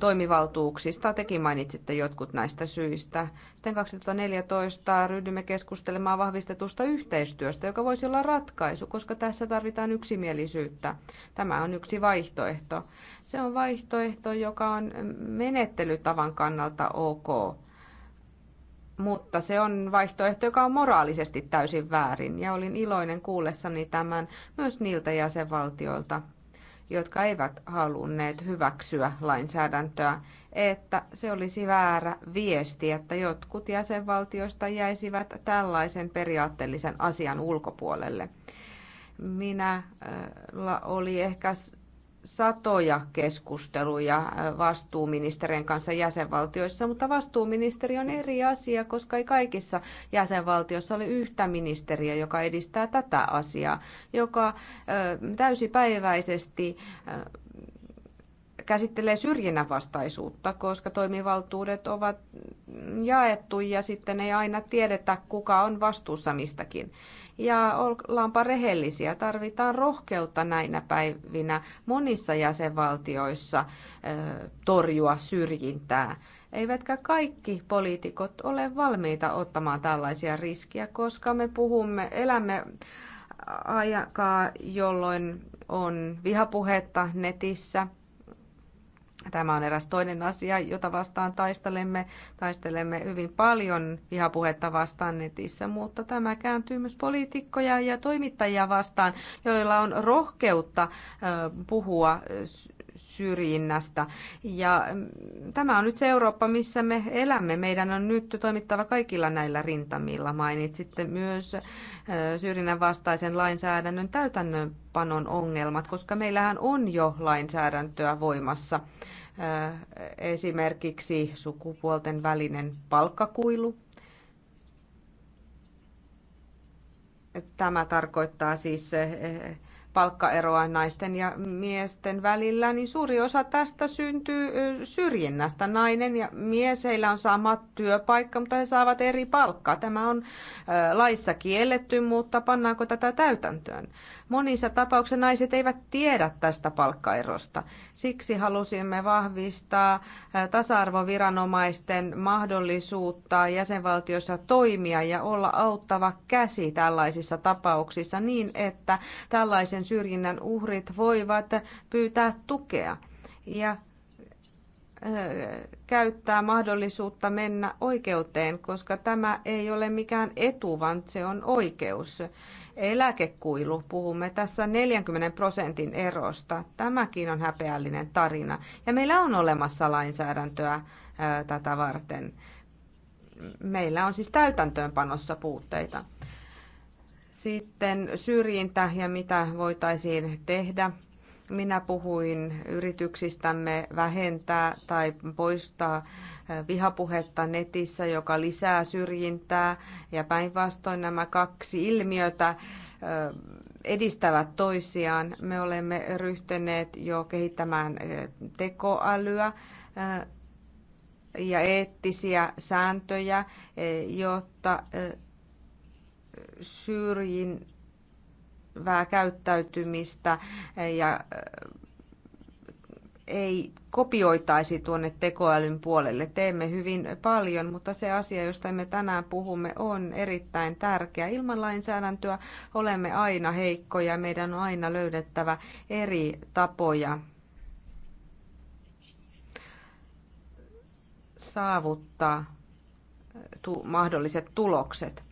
toimivaltuuksista. Tekin mainitsitte jotkut näistä syistä. Sitten 2014 ryhdymme keskustelemaan vahvistetusta yhteistyöstä, joka voisi olla ratkaisu, koska tässä tarvitaan yksimielisyyttä. Tämä on yksi vaihtoehto. Se on vaihtoehto, joka on menettelytavan kannalta ok mutta se on vaihtoehto, joka on moraalisesti täysin väärin. Ja olin iloinen kuullessani tämän myös niiltä jäsenvaltioilta, jotka eivät halunneet hyväksyä lainsäädäntöä, että se olisi väärä viesti, että jotkut jäsenvaltioista jäisivät tällaisen periaatteellisen asian ulkopuolelle. Minä äh, oli ehkä satoja keskusteluja äh, vastuuministerien kanssa jäsenvaltioissa, mutta vastuuministeri on eri asia, koska ei kaikissa jäsenvaltioissa ole yhtä ministeriä, joka edistää tätä asiaa, joka äh, täysipäiväisesti äh, käsittelee syrjinnän vastaisuutta, koska toimivaltuudet ovat jaettu ja sitten ei aina tiedetä, kuka on vastuussa mistäkin ja ollaanpa rehellisiä, tarvitaan rohkeutta näinä päivinä monissa jäsenvaltioissa torjua syrjintää. Eivätkä kaikki poliitikot ole valmiita ottamaan tällaisia riskiä, koska me puhumme, elämme aikaa, jolloin on vihapuhetta netissä – Tämä on eräs toinen asia, jota vastaan taistelemme. Taistelemme hyvin paljon vihapuhetta vastaan netissä, mutta tämä kääntyy myös poliitikkoja ja toimittajia vastaan, joilla on rohkeutta puhua syrjinnästä. Ja mm, tämä on nyt se Eurooppa, missä me elämme. Meidän on nyt toimittava kaikilla näillä rintamilla. Mainitsitte myös syrjinnän vastaisen lainsäädännön täytännönpanon ongelmat, koska meillähän on jo lainsäädäntöä voimassa. Esimerkiksi sukupuolten välinen palkkakuilu, Tämä tarkoittaa siis palkkaeroa naisten ja miesten välillä, niin suuri osa tästä syntyy syrjinnästä. Nainen ja mies, heillä on sama työpaikka, mutta he saavat eri palkkaa. Tämä on laissa kielletty, mutta pannaanko tätä täytäntöön? Monissa tapauksissa naiset eivät tiedä tästä palkkaerosta. Siksi halusimme vahvistaa tasa-arvoviranomaisten mahdollisuutta jäsenvaltiossa toimia ja olla auttava käsi tällaisissa tapauksissa niin, että tällaisen syrjinnän uhrit voivat pyytää tukea ja käyttää mahdollisuutta mennä oikeuteen, koska tämä ei ole mikään etu, vaan se on oikeus. Eläkekuilu, puhumme tässä 40 prosentin erosta. Tämäkin on häpeällinen tarina. Ja meillä on olemassa lainsäädäntöä tätä varten. Meillä on siis täytäntöönpanossa puutteita. Sitten syrjintä ja mitä voitaisiin tehdä. Minä puhuin yrityksistämme vähentää tai poistaa vihapuhetta netissä, joka lisää syrjintää. Ja päinvastoin nämä kaksi ilmiötä edistävät toisiaan. Me olemme ryhtyneet jo kehittämään tekoälyä ja eettisiä sääntöjä, jotta syrjivää käyttäytymistä ja äh, ei kopioitaisi tuonne tekoälyn puolelle. Teemme hyvin paljon, mutta se asia, josta me tänään puhumme, on erittäin tärkeä. Ilman lainsäädäntöä olemme aina heikkoja. Meidän on aina löydettävä eri tapoja saavuttaa mahdolliset tulokset.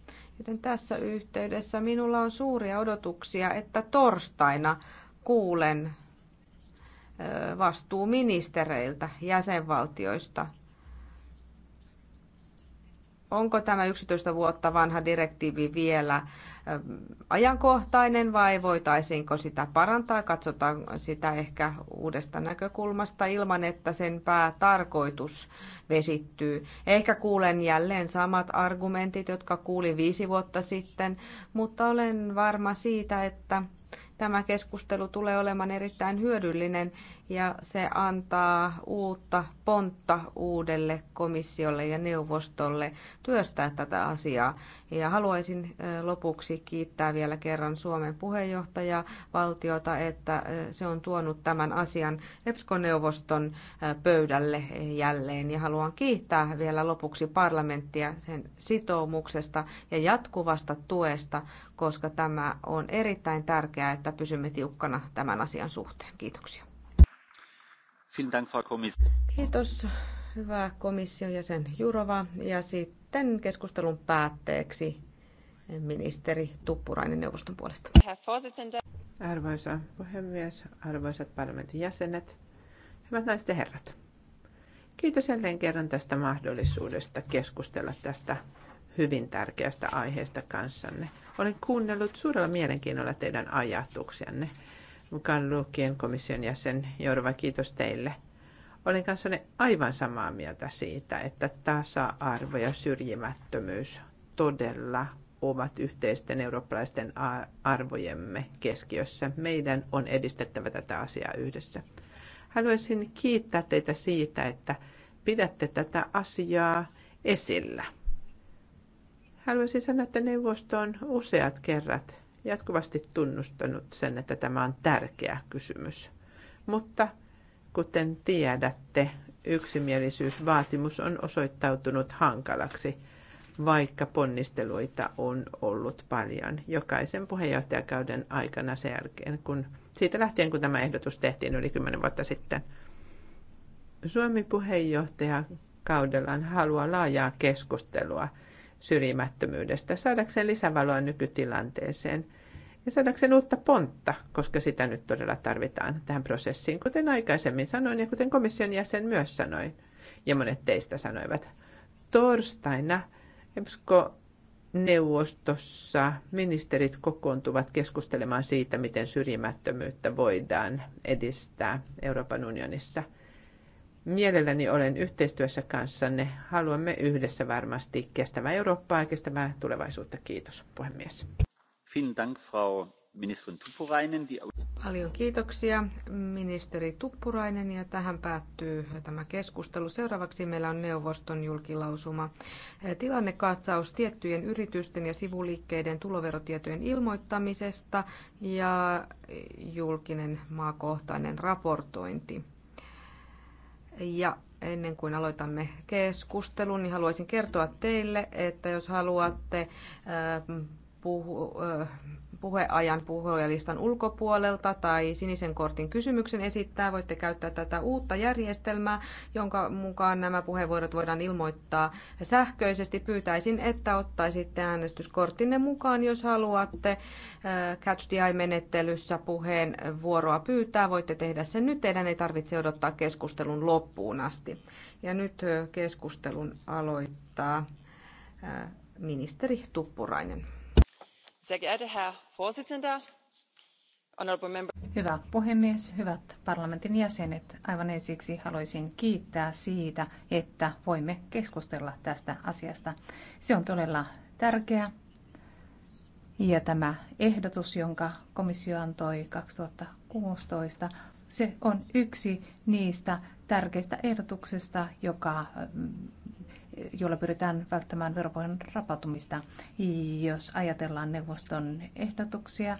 Joten tässä yhteydessä minulla on suuria odotuksia, että torstaina kuulen vastuuministereiltä jäsenvaltioista. Onko tämä 11 vuotta vanha direktiivi vielä ajankohtainen vai voitaisiinko sitä parantaa, katsotaan sitä ehkä uudesta näkökulmasta ilman, että sen päätarkoitus vesittyy. Ehkä kuulen jälleen samat argumentit, jotka kuulin viisi vuotta sitten, mutta olen varma siitä, että Tämä keskustelu tulee olemaan erittäin hyödyllinen ja se antaa uutta pontta uudelle komissiolle ja neuvostolle työstää tätä asiaa. Ja haluaisin lopuksi kiittää vielä kerran Suomen puheenjohtajavaltiota, että se on tuonut tämän asian EPSCO-neuvoston pöydälle jälleen. Ja haluan kiittää vielä lopuksi parlamenttia sen sitoumuksesta ja jatkuvasta tuesta, koska tämä on erittäin tärkeää, että pysymme tiukkana tämän asian suhteen. Kiitoksia. Kiitos, hyvä komission jäsen Jurova. Ja sitten keskustelun päätteeksi ministeri Tuppurainen neuvoston puolesta.
Arvoisa puhemies, arvoisat parlamentin jäsenet, hyvät naiset ja herrat. Kiitos jälleen kerran tästä mahdollisuudesta keskustella tästä hyvin tärkeästä aiheesta kanssanne. Olen kuunnellut suurella mielenkiinnolla teidän ajatuksianne. Mukaan lukien komission jäsen Jorva, kiitos teille. Olen kanssanne aivan samaa mieltä siitä, että tasa-arvo ja syrjimättömyys todella ovat yhteisten eurooppalaisten arvojemme keskiössä. Meidän on edistettävä tätä asiaa yhdessä. Haluaisin kiittää teitä siitä, että pidätte tätä asiaa esillä Haluaisin sanoa, että neuvosto on useat kerrat jatkuvasti tunnustanut sen, että tämä on tärkeä kysymys. Mutta kuten tiedätte, yksimielisyysvaatimus on osoittautunut hankalaksi, vaikka ponnisteluita on ollut paljon jokaisen puheenjohtajakauden aikana sen jälkeen, kun siitä lähtien, kun tämä ehdotus tehtiin yli 10 vuotta sitten. Suomi puheenjohtajakaudellaan haluaa laajaa keskustelua – syrjimättömyydestä, saadakseen lisävaloa nykytilanteeseen ja saadakseen uutta pontta, koska sitä nyt todella tarvitaan tähän prosessiin, kuten aikaisemmin sanoin ja kuten komission jäsen myös sanoi, ja monet teistä sanoivat. Torstaina EBSCO neuvostossa ministerit kokoontuvat keskustelemaan siitä, miten syrjimättömyyttä voidaan edistää Euroopan unionissa – Mielelläni olen yhteistyössä kanssanne. Haluamme yhdessä varmasti kestävää Eurooppaa ja kestävää tulevaisuutta. Kiitos, puhemies.
Dank, Frau Tuppurainen.
Paljon kiitoksia, ministeri Tuppurainen, ja tähän päättyy tämä keskustelu. Seuraavaksi meillä on neuvoston julkilausuma. Tilannekatsaus tiettyjen yritysten ja sivuliikkeiden tuloverotietojen ilmoittamisesta ja julkinen maakohtainen raportointi. Ja ennen kuin aloitamme keskustelun, niin haluaisin kertoa teille, että jos haluatte äh, puhu, äh, puheajan puhujalistan ulkopuolelta tai sinisen kortin kysymyksen esittää. Voitte käyttää tätä uutta järjestelmää, jonka mukaan nämä puheenvuorot voidaan ilmoittaa sähköisesti. Pyytäisin, että ottaisitte äänestyskorttinne mukaan, jos haluatte äh, Catch the Eye-menettelyssä puheenvuoroa pyytää. Voitte tehdä sen nyt, teidän ei tarvitse odottaa keskustelun loppuun asti. Ja nyt äh, keskustelun aloittaa äh, ministeri Tuppurainen.
Hyvä puhemies, hyvät parlamentin jäsenet, aivan ensiksi haluaisin kiittää siitä, että voimme keskustella tästä asiasta. Se on todella tärkeä ja tämä ehdotus, jonka komissio antoi 2016, se on yksi niistä tärkeistä ehdotuksista, joka mm, jolla pyritään välttämään veropohjan rapautumista. Jos ajatellaan neuvoston ehdotuksia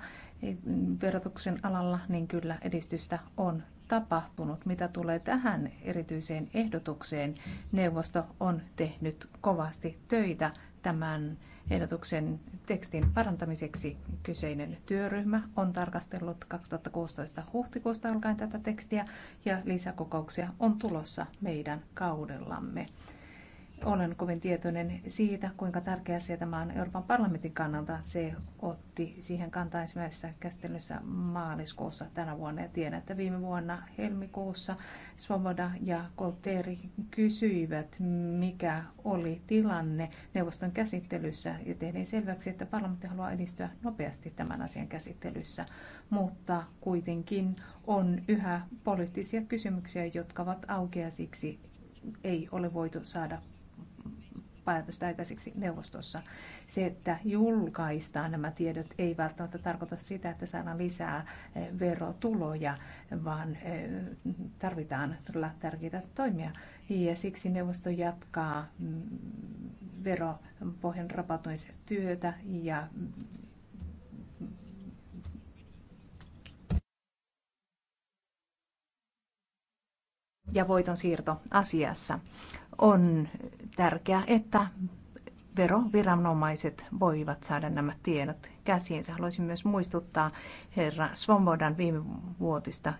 verotuksen alalla, niin kyllä edistystä on tapahtunut. Mitä tulee tähän erityiseen ehdotukseen, neuvosto on tehnyt kovasti töitä tämän ehdotuksen tekstin parantamiseksi. Kyseinen työryhmä on tarkastellut 2016 huhtikuusta alkaen tätä tekstiä ja lisäkokouksia on tulossa meidän kaudellamme. Olen kovin tietoinen siitä, kuinka tärkeä asia tämä on Euroopan parlamentin kannalta. Se otti siihen kantaa ensimmäisessä käsittelyssä maaliskuussa tänä vuonna. Ja tiedän, että viime vuonna helmikuussa Svoboda ja Kolteeri kysyivät, mikä oli tilanne neuvoston käsittelyssä. Ja tehtiin selväksi, että parlamentti haluaa edistyä nopeasti tämän asian käsittelyssä. Mutta kuitenkin on yhä poliittisia kysymyksiä, jotka ovat auki ja siksi ei ole voitu saada päätöstä aikaiseksi neuvostossa. Se, että julkaistaan nämä tiedot, ei välttämättä tarkoita sitä, että saadaan lisää eh, verotuloja, vaan eh, tarvitaan todella tärkeitä toimia. Ja siksi neuvosto jatkaa mm, veropohjan rapautumistyötä ja mm, ja voiton siirto asiassa on tärkeää, että veroviranomaiset voivat saada nämä tiedot käsiinsä. Haluaisin myös muistuttaa herra Svobodan viime vuotista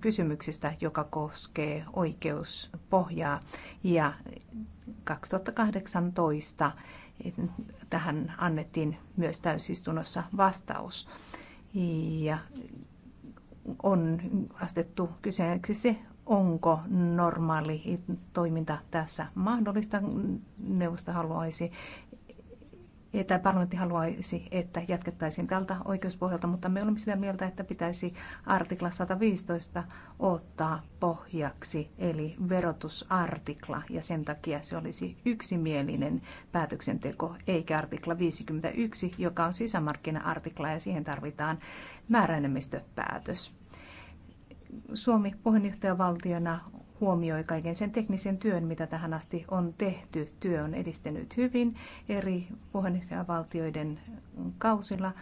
kysymyksistä, joka koskee oikeuspohjaa. Ja 2018 tähän annettiin myös täysistunnossa vastaus. Ja on astettu kyseeksi se, onko normaali toiminta tässä mahdollista. Neuvosto haluaisi että parlamentti haluaisi, että jatkettaisiin tältä oikeuspohjalta, mutta me olemme sitä mieltä, että pitäisi artikla 115 ottaa pohjaksi, eli verotusartikla, ja sen takia se olisi yksimielinen päätöksenteko, eikä artikla 51, joka on sisämarkkina-artikla, ja siihen tarvitaan määräenemmistöpäätös. Suomi puheenjohtajavaltiona huomioi kaiken sen teknisen työn, mitä tähän asti on tehty. Työ on edistynyt hyvin eri puheenjohtajavaltioiden kausilla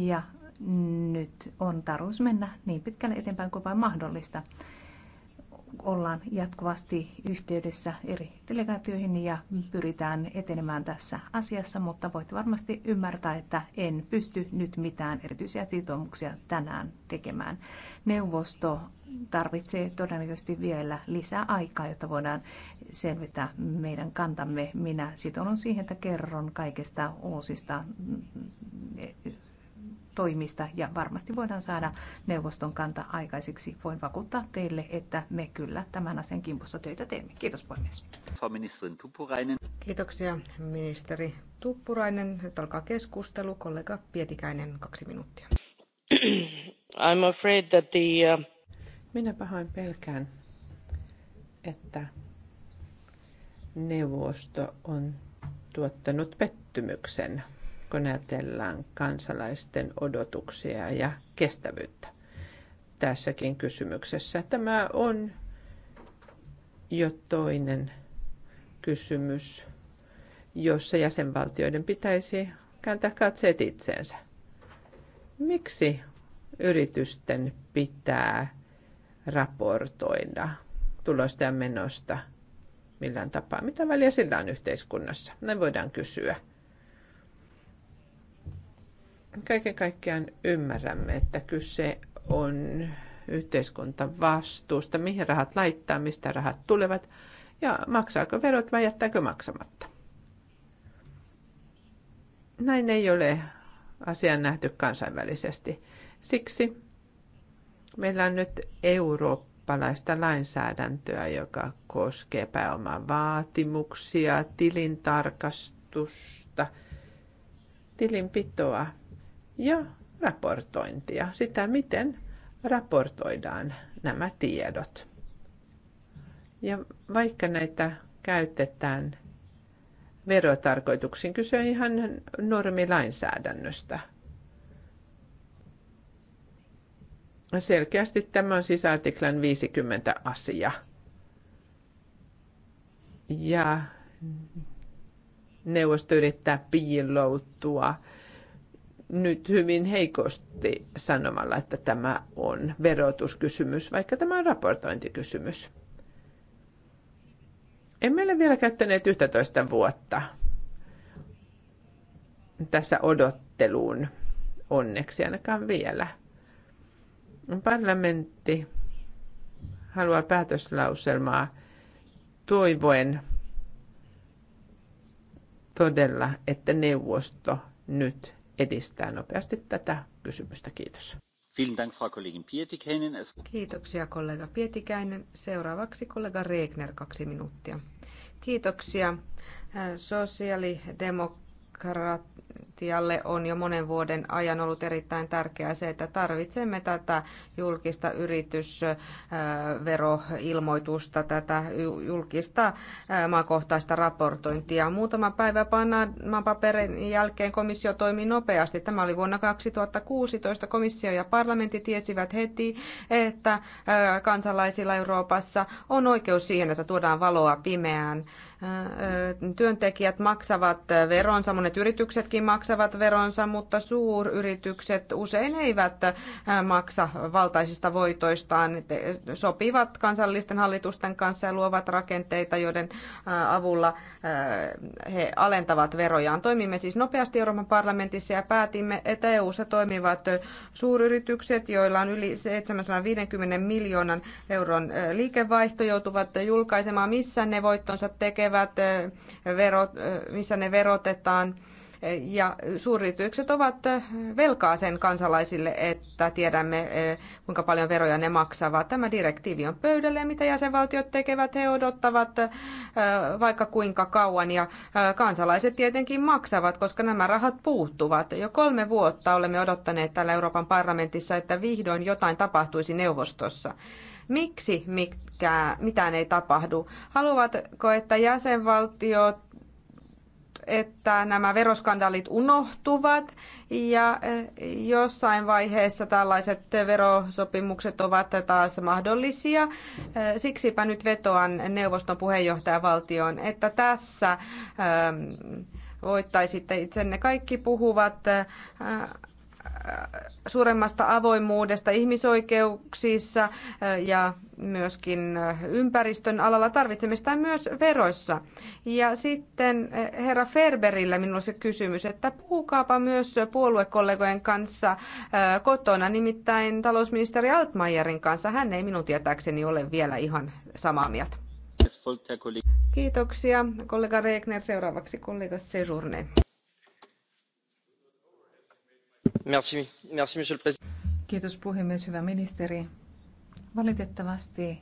ja nyt on tarkoitus mennä niin pitkälle eteenpäin kuin vain mahdollista ollaan jatkuvasti yhteydessä eri delegaatioihin ja pyritään etenemään tässä asiassa, mutta voitte varmasti ymmärtää, että en pysty nyt mitään erityisiä sitoumuksia tänään tekemään. Neuvosto tarvitsee todennäköisesti vielä lisää aikaa, jotta voidaan selvittää meidän kantamme. Minä sitoudun siihen, että kerron kaikista uusista toimista ja varmasti voidaan saada neuvoston kanta aikaisiksi. Voin vakuuttaa teille, että me kyllä tämän asian
kimpussa töitä teemme.
Kiitos puhemies.
Kiitoksia ministeri Tuppurainen. Nyt alkaa keskustelu. Kollega Pietikäinen, kaksi minuuttia. I'm afraid that the... Uh,
Minä pahoin pelkään, että neuvosto on tuottanut pettymyksen kun ajatellaan kansalaisten odotuksia ja kestävyyttä tässäkin kysymyksessä. Tämä on jo toinen kysymys, jossa jäsenvaltioiden pitäisi kääntää katseet itseensä. Miksi yritysten pitää raportoida tulosta ja menosta millään tapaa? Mitä väliä sillä on yhteiskunnassa? Näin voidaan kysyä – kaiken kaikkiaan ymmärrämme, että kyse on yhteiskuntavastuusta, mihin rahat laittaa, mistä rahat tulevat ja maksaako verot vai jättääkö maksamatta. Näin ei ole asian nähty kansainvälisesti. Siksi meillä on nyt eurooppalaista lainsäädäntöä, joka koskee pääoman vaatimuksia, tilintarkastusta, tilinpitoa – ja raportointia, sitä miten raportoidaan nämä tiedot. Ja vaikka näitä käytetään verotarkoituksiin, kyse on ihan normilainsäädännöstä. Selkeästi tämä on siis artiklan 50 asia. Ja neuvosto yrittää piiloutua nyt hyvin heikosti sanomalla, että tämä on verotuskysymys, vaikka tämä on raportointikysymys. Emme ole vielä käyttäneet 11 vuotta tässä odotteluun, onneksi ainakaan vielä. Parlamentti haluaa päätöslauselmaa toivoen todella, että neuvosto nyt edistää nopeasti tätä kysymystä. Kiitos. Kiitoksia kollega Pietikäinen. Seuraavaksi
kollega Regner kaksi minuuttia. Kiitoksia. Äh, Sosiaalidemokraattien Kroatialle on jo monen vuoden ajan ollut erittäin tärkeää se, että tarvitsemme tätä julkista yritysveroilmoitusta, tätä julkista maakohtaista raportointia. Muutama päivä Panaman paperin jälkeen komissio toimi nopeasti. Tämä oli vuonna 2016. Komissio ja parlamentti tiesivät heti, että kansalaisilla Euroopassa on oikeus siihen, että tuodaan valoa pimeään työntekijät maksavat veronsa, monet yrityksetkin maksavat maksavat veronsa, mutta suuryritykset usein eivät äh, maksa valtaisista voitoistaan, sopivat kansallisten hallitusten kanssa ja luovat rakenteita, joiden äh, avulla äh, he alentavat verojaan. Toimimme siis nopeasti Euroopan parlamentissa ja päätimme, että EU-ssa toimivat suuryritykset, joilla on yli 750 miljoonan euron liikevaihto, joutuvat julkaisemaan, missä ne voittonsa tekevät, verot, missä ne verotetaan ja suuryritykset ovat velkaa sen kansalaisille, että tiedämme eh, kuinka paljon veroja ne maksavat. Tämä direktiivi on pöydälle ja mitä jäsenvaltiot tekevät, he odottavat eh, vaikka kuinka kauan ja eh, kansalaiset tietenkin maksavat, koska nämä rahat puuttuvat. Jo kolme vuotta olemme odottaneet täällä Euroopan parlamentissa, että vihdoin jotain tapahtuisi neuvostossa miksi mikä, mitään ei tapahdu? Haluavatko, että jäsenvaltiot että nämä veroskandaalit unohtuvat ja eh, jossain vaiheessa tällaiset verosopimukset ovat taas mahdollisia. Eh, siksipä nyt vetoan neuvoston puheenjohtajavaltioon, että tässä ehm, voittaisitte itsenne. Kaikki puhuvat eh, suuremmasta avoimuudesta ihmisoikeuksissa äh, ja myöskin äh, ympäristön alalla tarvitsemista myös veroissa. Ja sitten äh, herra Ferberillä minulla se kysymys, että puhukaapa myös puoluekollegojen kanssa kotona, nimittäin talousministeri Altmaierin kanssa. Hän ei minun tietääkseni ole vielä ihan samaa mieltä. Kiitoksia. Kollega Regner, seuraavaksi kollega Sejourne.
Kiitos puhemies, hyvä ministeri. Valitettavasti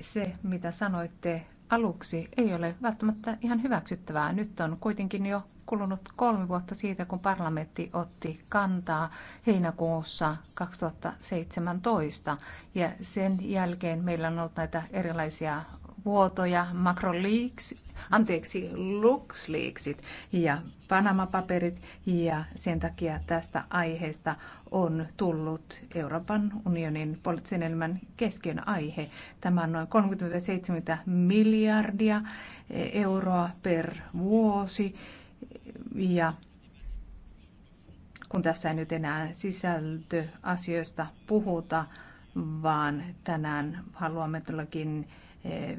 se, mitä sanoitte aluksi, ei ole välttämättä ihan hyväksyttävää. Nyt on kuitenkin jo kulunut kolme vuotta siitä, kun parlamentti otti kantaa heinäkuussa 2017. Ja sen jälkeen meillä on ollut näitä erilaisia vuotoja, makroliiks, anteeksi, LuxLeaksit ja Panama-paperit ja sen takia tästä aiheesta on tullut Euroopan unionin poliittisen elämän keskiön aihe. Tämä on noin 37 miljardia euroa per vuosi ja kun tässä ei nyt enää sisältöasioista puhuta, vaan tänään haluamme todellakin Eh,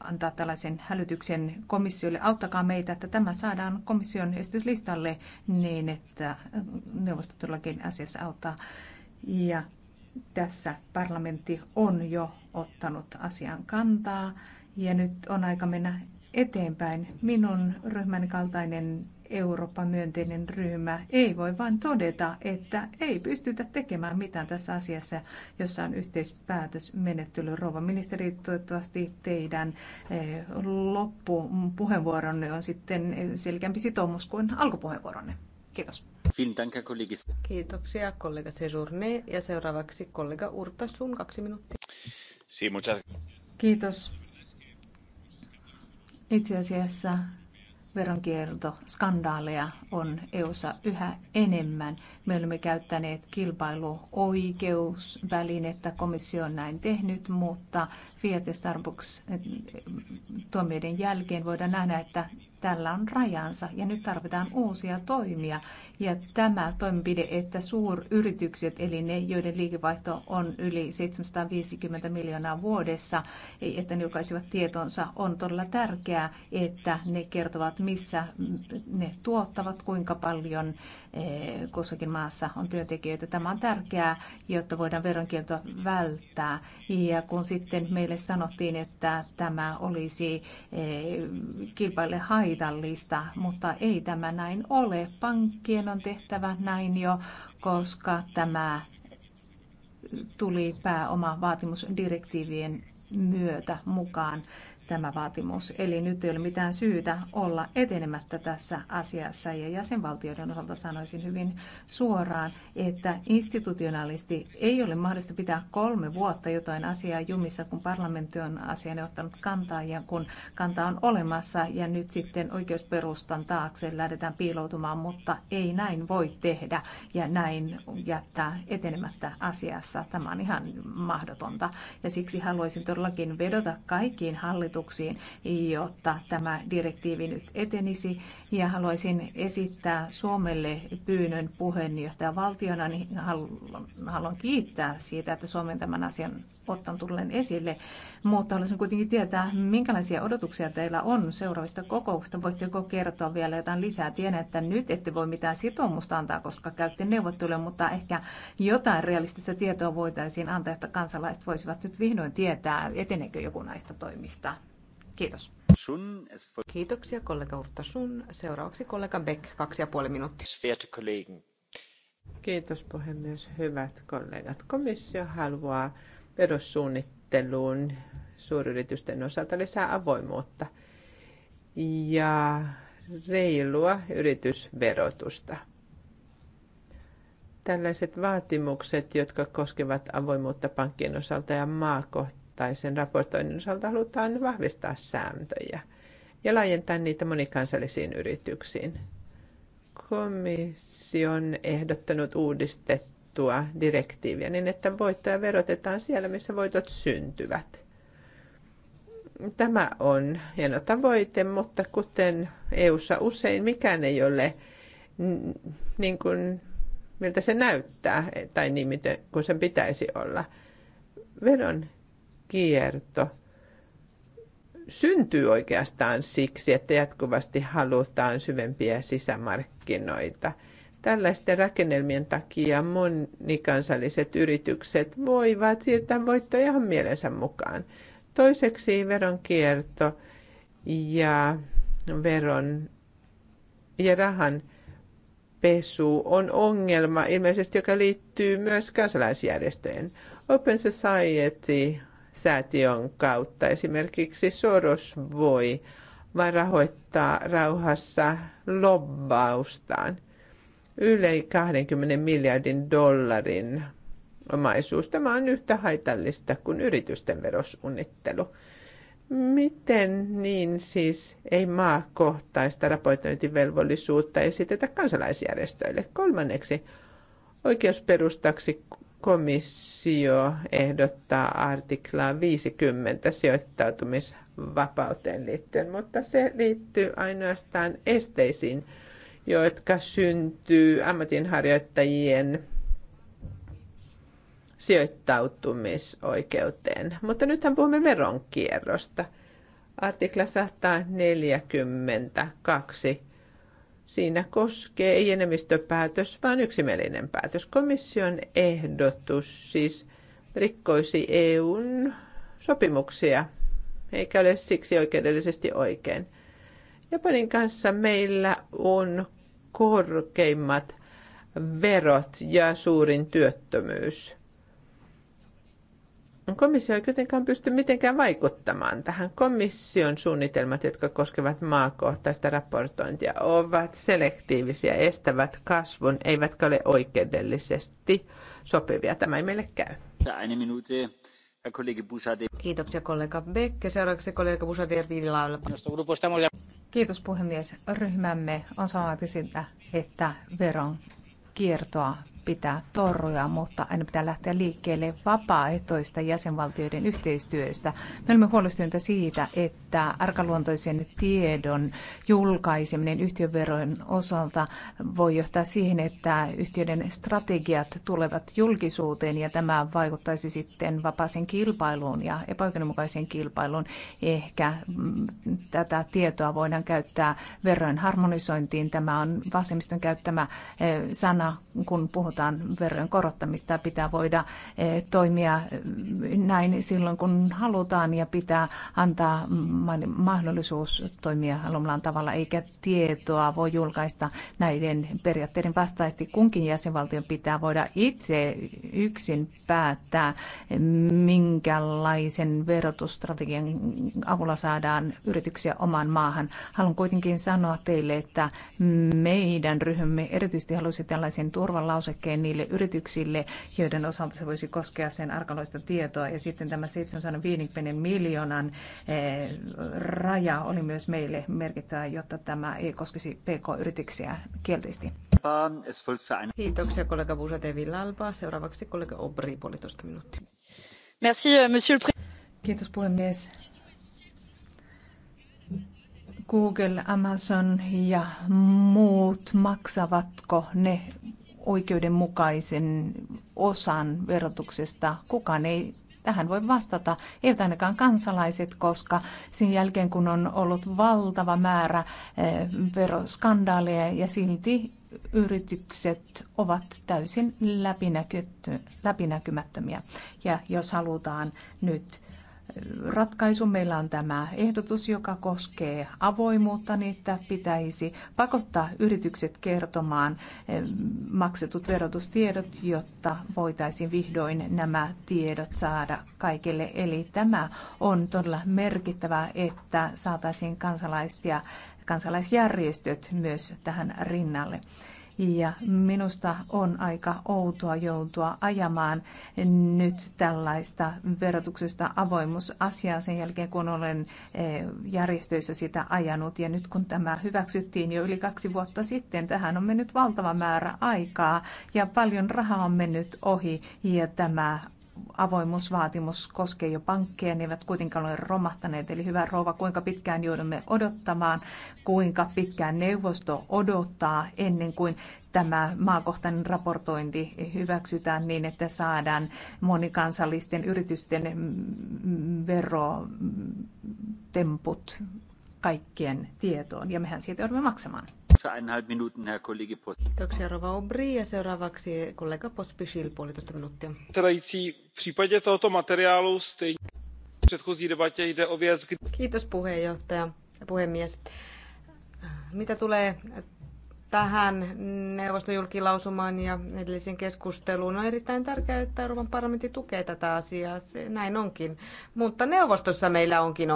antaa tällaisen hälytyksen komissiolle. Auttakaa meitä, että tämä saadaan komission esityslistalle niin, että neuvosto todellakin asiassa auttaa. Ja tässä parlamentti on jo ottanut asian kantaa ja nyt on aika mennä eteenpäin. Minun ryhmän kaltainen Euroopan myönteinen ryhmä ei voi vain todeta, että ei pystytä tekemään mitään tässä asiassa, jossa on yhteispäätösmenettely. Rouva ministeri, toivottavasti teidän eh, loppupuheenvuoronne on sitten selkeämpi
sitoumus kuin alkupuheenvuoronne. Kiitos. Kiitoksia kollega Sejourne ja seuraavaksi kollega Urtasun kaksi minuuttia. Kiitos. Itse asiassa veronkierto,
skandaaleja on EUssa yhä enemmän. Me olemme käyttäneet kilpailuoikeusvälinettä, komissio on näin tehnyt, mutta Fiat ja Starbucks eh, tuomioiden jälkeen voidaan nähdä, että tällä on rajansa ja nyt tarvitaan uusia toimia. Ja tämä toimenpide, että suuryritykset, eli ne, joiden liikevaihto on yli 750 miljoonaa vuodessa, että ne julkaisivat tietonsa, on todella tärkeää, että ne kertovat, missä ne tuottavat, kuinka paljon eh, kussakin maassa on työntekijöitä. Tämä on tärkeää, jotta voidaan veronkieltoa välttää. Ja kun sitten meille sanottiin, että tämä olisi eh, kilpaille haittaa, haitallista, mutta ei tämä näin ole. Pankkien on tehtävä näin jo, koska tämä tuli pääoma vaatimusdirektiivien myötä mukaan tämä vaatimus. Eli nyt ei ole mitään syytä olla etenemättä tässä asiassa. Ja jäsenvaltioiden osalta sanoisin hyvin suoraan, että institutionaalisti ei ole mahdollista pitää kolme vuotta jotain asiaa jumissa, kun parlamentti on asian ottanut kantaa ja kun kanta on olemassa ja nyt sitten oikeusperustan taakse lähdetään piiloutumaan, mutta ei näin voi tehdä ja näin jättää etenemättä asiassa. Tämä on ihan mahdotonta ja siksi haluaisin todellakin vedota kaikkiin hallituksiin ehdotuksiin, jotta tämä direktiivi nyt etenisi. Ja haluaisin esittää Suomelle pyynnön puheenjohtajavaltiona, niin haluan kiittää siitä, että Suomi tämän asian ottanut tulleen esille, mutta haluaisin kuitenkin tietää, minkälaisia odotuksia teillä on seuraavista kokouksista. Voisitteko kertoa vielä jotain lisää? Tiedän, että nyt ette voi mitään sitoumusta antaa, koska käytte neuvotteluja, mutta ehkä jotain realistista tietoa voitaisiin antaa, että kansalaiset voisivat nyt vihdoin tietää, eteneekö joku näistä
toimista. Kiitos. Kiitoksia kollega Urta Sun. Seuraavaksi
kollega
Beck, kaksi ja puoli minuuttia. Kiitos puhemies, hyvät kollegat. Komissio haluaa perussuunnitteluun suuryritysten osalta lisää avoimuutta ja reilua yritysverotusta. Tällaiset vaatimukset, jotka koskevat avoimuutta pankkien osalta ja maakohtaisen raportoinnin osalta, halutaan vahvistaa sääntöjä ja laajentaa niitä monikansallisiin yrityksiin. Komissio on ehdottanut uudistettua muuttua direktiiviä niin, että voittoja verotetaan siellä, missä voitot syntyvät. Tämä on hieno tavoite, mutta kuten EUssa usein, mikään ei ole niin kuin miltä se näyttää tai niin miten, kuin sen pitäisi olla. Veron kierto syntyy oikeastaan siksi, että jatkuvasti halutaan syvempiä sisämarkkinoita – Tällaisten rakennelmien takia monikansalliset yritykset voivat siirtää voittoja ihan mielensä mukaan. Toiseksi veronkierto ja veron ja rahan pesu on ongelma ilmeisesti, joka liittyy myös kansalaisjärjestöjen. Open Society-säätiön kautta esimerkiksi Soros voi vain rahoittaa rauhassa lobbaustaan yli 20 miljardin dollarin omaisuus. Tämä on yhtä haitallista kuin yritysten verosuunnittelu. Miten niin siis ei maakohtaista raportointivelvollisuutta esitetä kansalaisjärjestöille? Kolmanneksi oikeusperustaksi komissio ehdottaa artiklaa 50 sijoittautumisvapauteen liittyen, mutta se liittyy ainoastaan esteisiin – jotka syntyy ammatinharjoittajien sijoittautumisoikeuteen. Mutta nythän puhumme veronkierrosta. Artikla 142. Siinä koskee ei enemmistöpäätös, vaan yksimielinen päätös. Komission ehdotus siis rikkoisi EUn sopimuksia, eikä ole siksi oikeudellisesti oikein. Japanin kanssa meillä on korkeimmat verot ja suurin työttömyys. Komissio ei kuitenkaan pysty mitenkään vaikuttamaan tähän. Komission suunnitelmat, jotka koskevat maakohtaista raportointia, ovat selektiivisiä, estävät kasvun, eivätkä ole oikeudellisesti sopivia. Tämä ei meille käy.
Kiitoksia kollega Beck. Seuraavaksi kollega Busadier Villailla.
Kiitos puhemies. Ryhmämme on samaa sitä, että veron kiertoa pitää torjua, mutta aina pitää lähteä liikkeelle vapaaehtoista jäsenvaltioiden yhteistyöstä. Me olemme huolestuneita siitä, että arkaluontoisen tiedon julkaiseminen yhtiöveron osalta voi johtaa siihen, että yhtiöiden strategiat tulevat julkisuuteen ja tämä vaikuttaisi sitten vapaaseen kilpailuun ja epäoikeudenmukaiseen kilpailuun. Ehkä mm, tätä tietoa voidaan käyttää verojen harmonisointiin. Tämä on vasemmiston käyttämä eh, sana, kun puhutaan puhutaan verojen korottamista, pitää voida eh, toimia eh, näin silloin kun halutaan ja pitää antaa mahdollisuus toimia haluamallaan tavalla, eikä tietoa voi julkaista näiden periaatteiden vastaisesti. Kunkin jäsenvaltion pitää voida itse yksin päättää, minkälaisen verotusstrategian avulla saadaan yrityksiä omaan maahan. Haluan kuitenkin sanoa teille, että meidän ryhmämme erityisesti halusi tällaisen turvalausekkeen oikein niille yrityksille, joiden osalta se voisi koskea sen arkaloista tietoa. Ja sitten tämä 750 miljoonan eh, raja oli myös meille merkittävä, jotta tämä ei koskisi pk-yrityksiä kielteisesti.
Kiitoksia kollega Busate Villalba. Seuraavaksi kollega Obri, puolitoista minuuttia.
Merci, euh, monsieur le Kiitos puhemies. Google, Amazon ja muut, maksavatko ne oikeudenmukaisen osan verotuksesta. Kukaan ei tähän voi vastata, eivät ainakaan kansalaiset, koska sen jälkeen kun on ollut valtava määrä eh, veroskandaaleja ja silti yritykset ovat täysin läpinäkymättömiä. Ja jos halutaan nyt ratkaisu. Meillä on tämä ehdotus, joka koskee avoimuutta, niin että pitäisi pakottaa yritykset kertomaan eh, maksetut verotustiedot, jotta voitaisiin vihdoin nämä tiedot saada kaikille. Eli tämä on todella merkittävä, että saataisiin kansalaiset ja kansalaisjärjestöt myös tähän rinnalle. Ja minusta on aika outoa joutua ajamaan nyt tällaista verotuksesta avoimuusasiaa sen jälkeen, kun olen eh, järjestöissä sitä ajanut. Ja nyt kun tämä hyväksyttiin jo yli kaksi vuotta sitten, tähän on mennyt valtava määrä aikaa ja paljon rahaa on mennyt ohi ja tämä avoimuusvaatimus koskee jo pankkeja, ne eivät kuitenkaan ole romahtaneet. Eli hyvä rouva, kuinka pitkään joudumme odottamaan, kuinka pitkään neuvosto odottaa ennen kuin tämä maakohtainen raportointi hyväksytään niin, että saadaan monikansallisten yritysten verotemput kaikkien tietoon. Ja mehän siitä joudumme maksamaan.
Kiitoksia Rova Obri ja seuraavaksi kollega Pospisil puolitoista minuuttia. Kiitos puheenjohtaja ja puhemies. Mitä tulee tähän neuvoston julkilausumaan ja edellisen keskusteluun. On erittäin tärkeää, että Euroopan parlamentti tukee tätä asiaa. Se, näin onkin. Mutta neuvostossa meillä onkin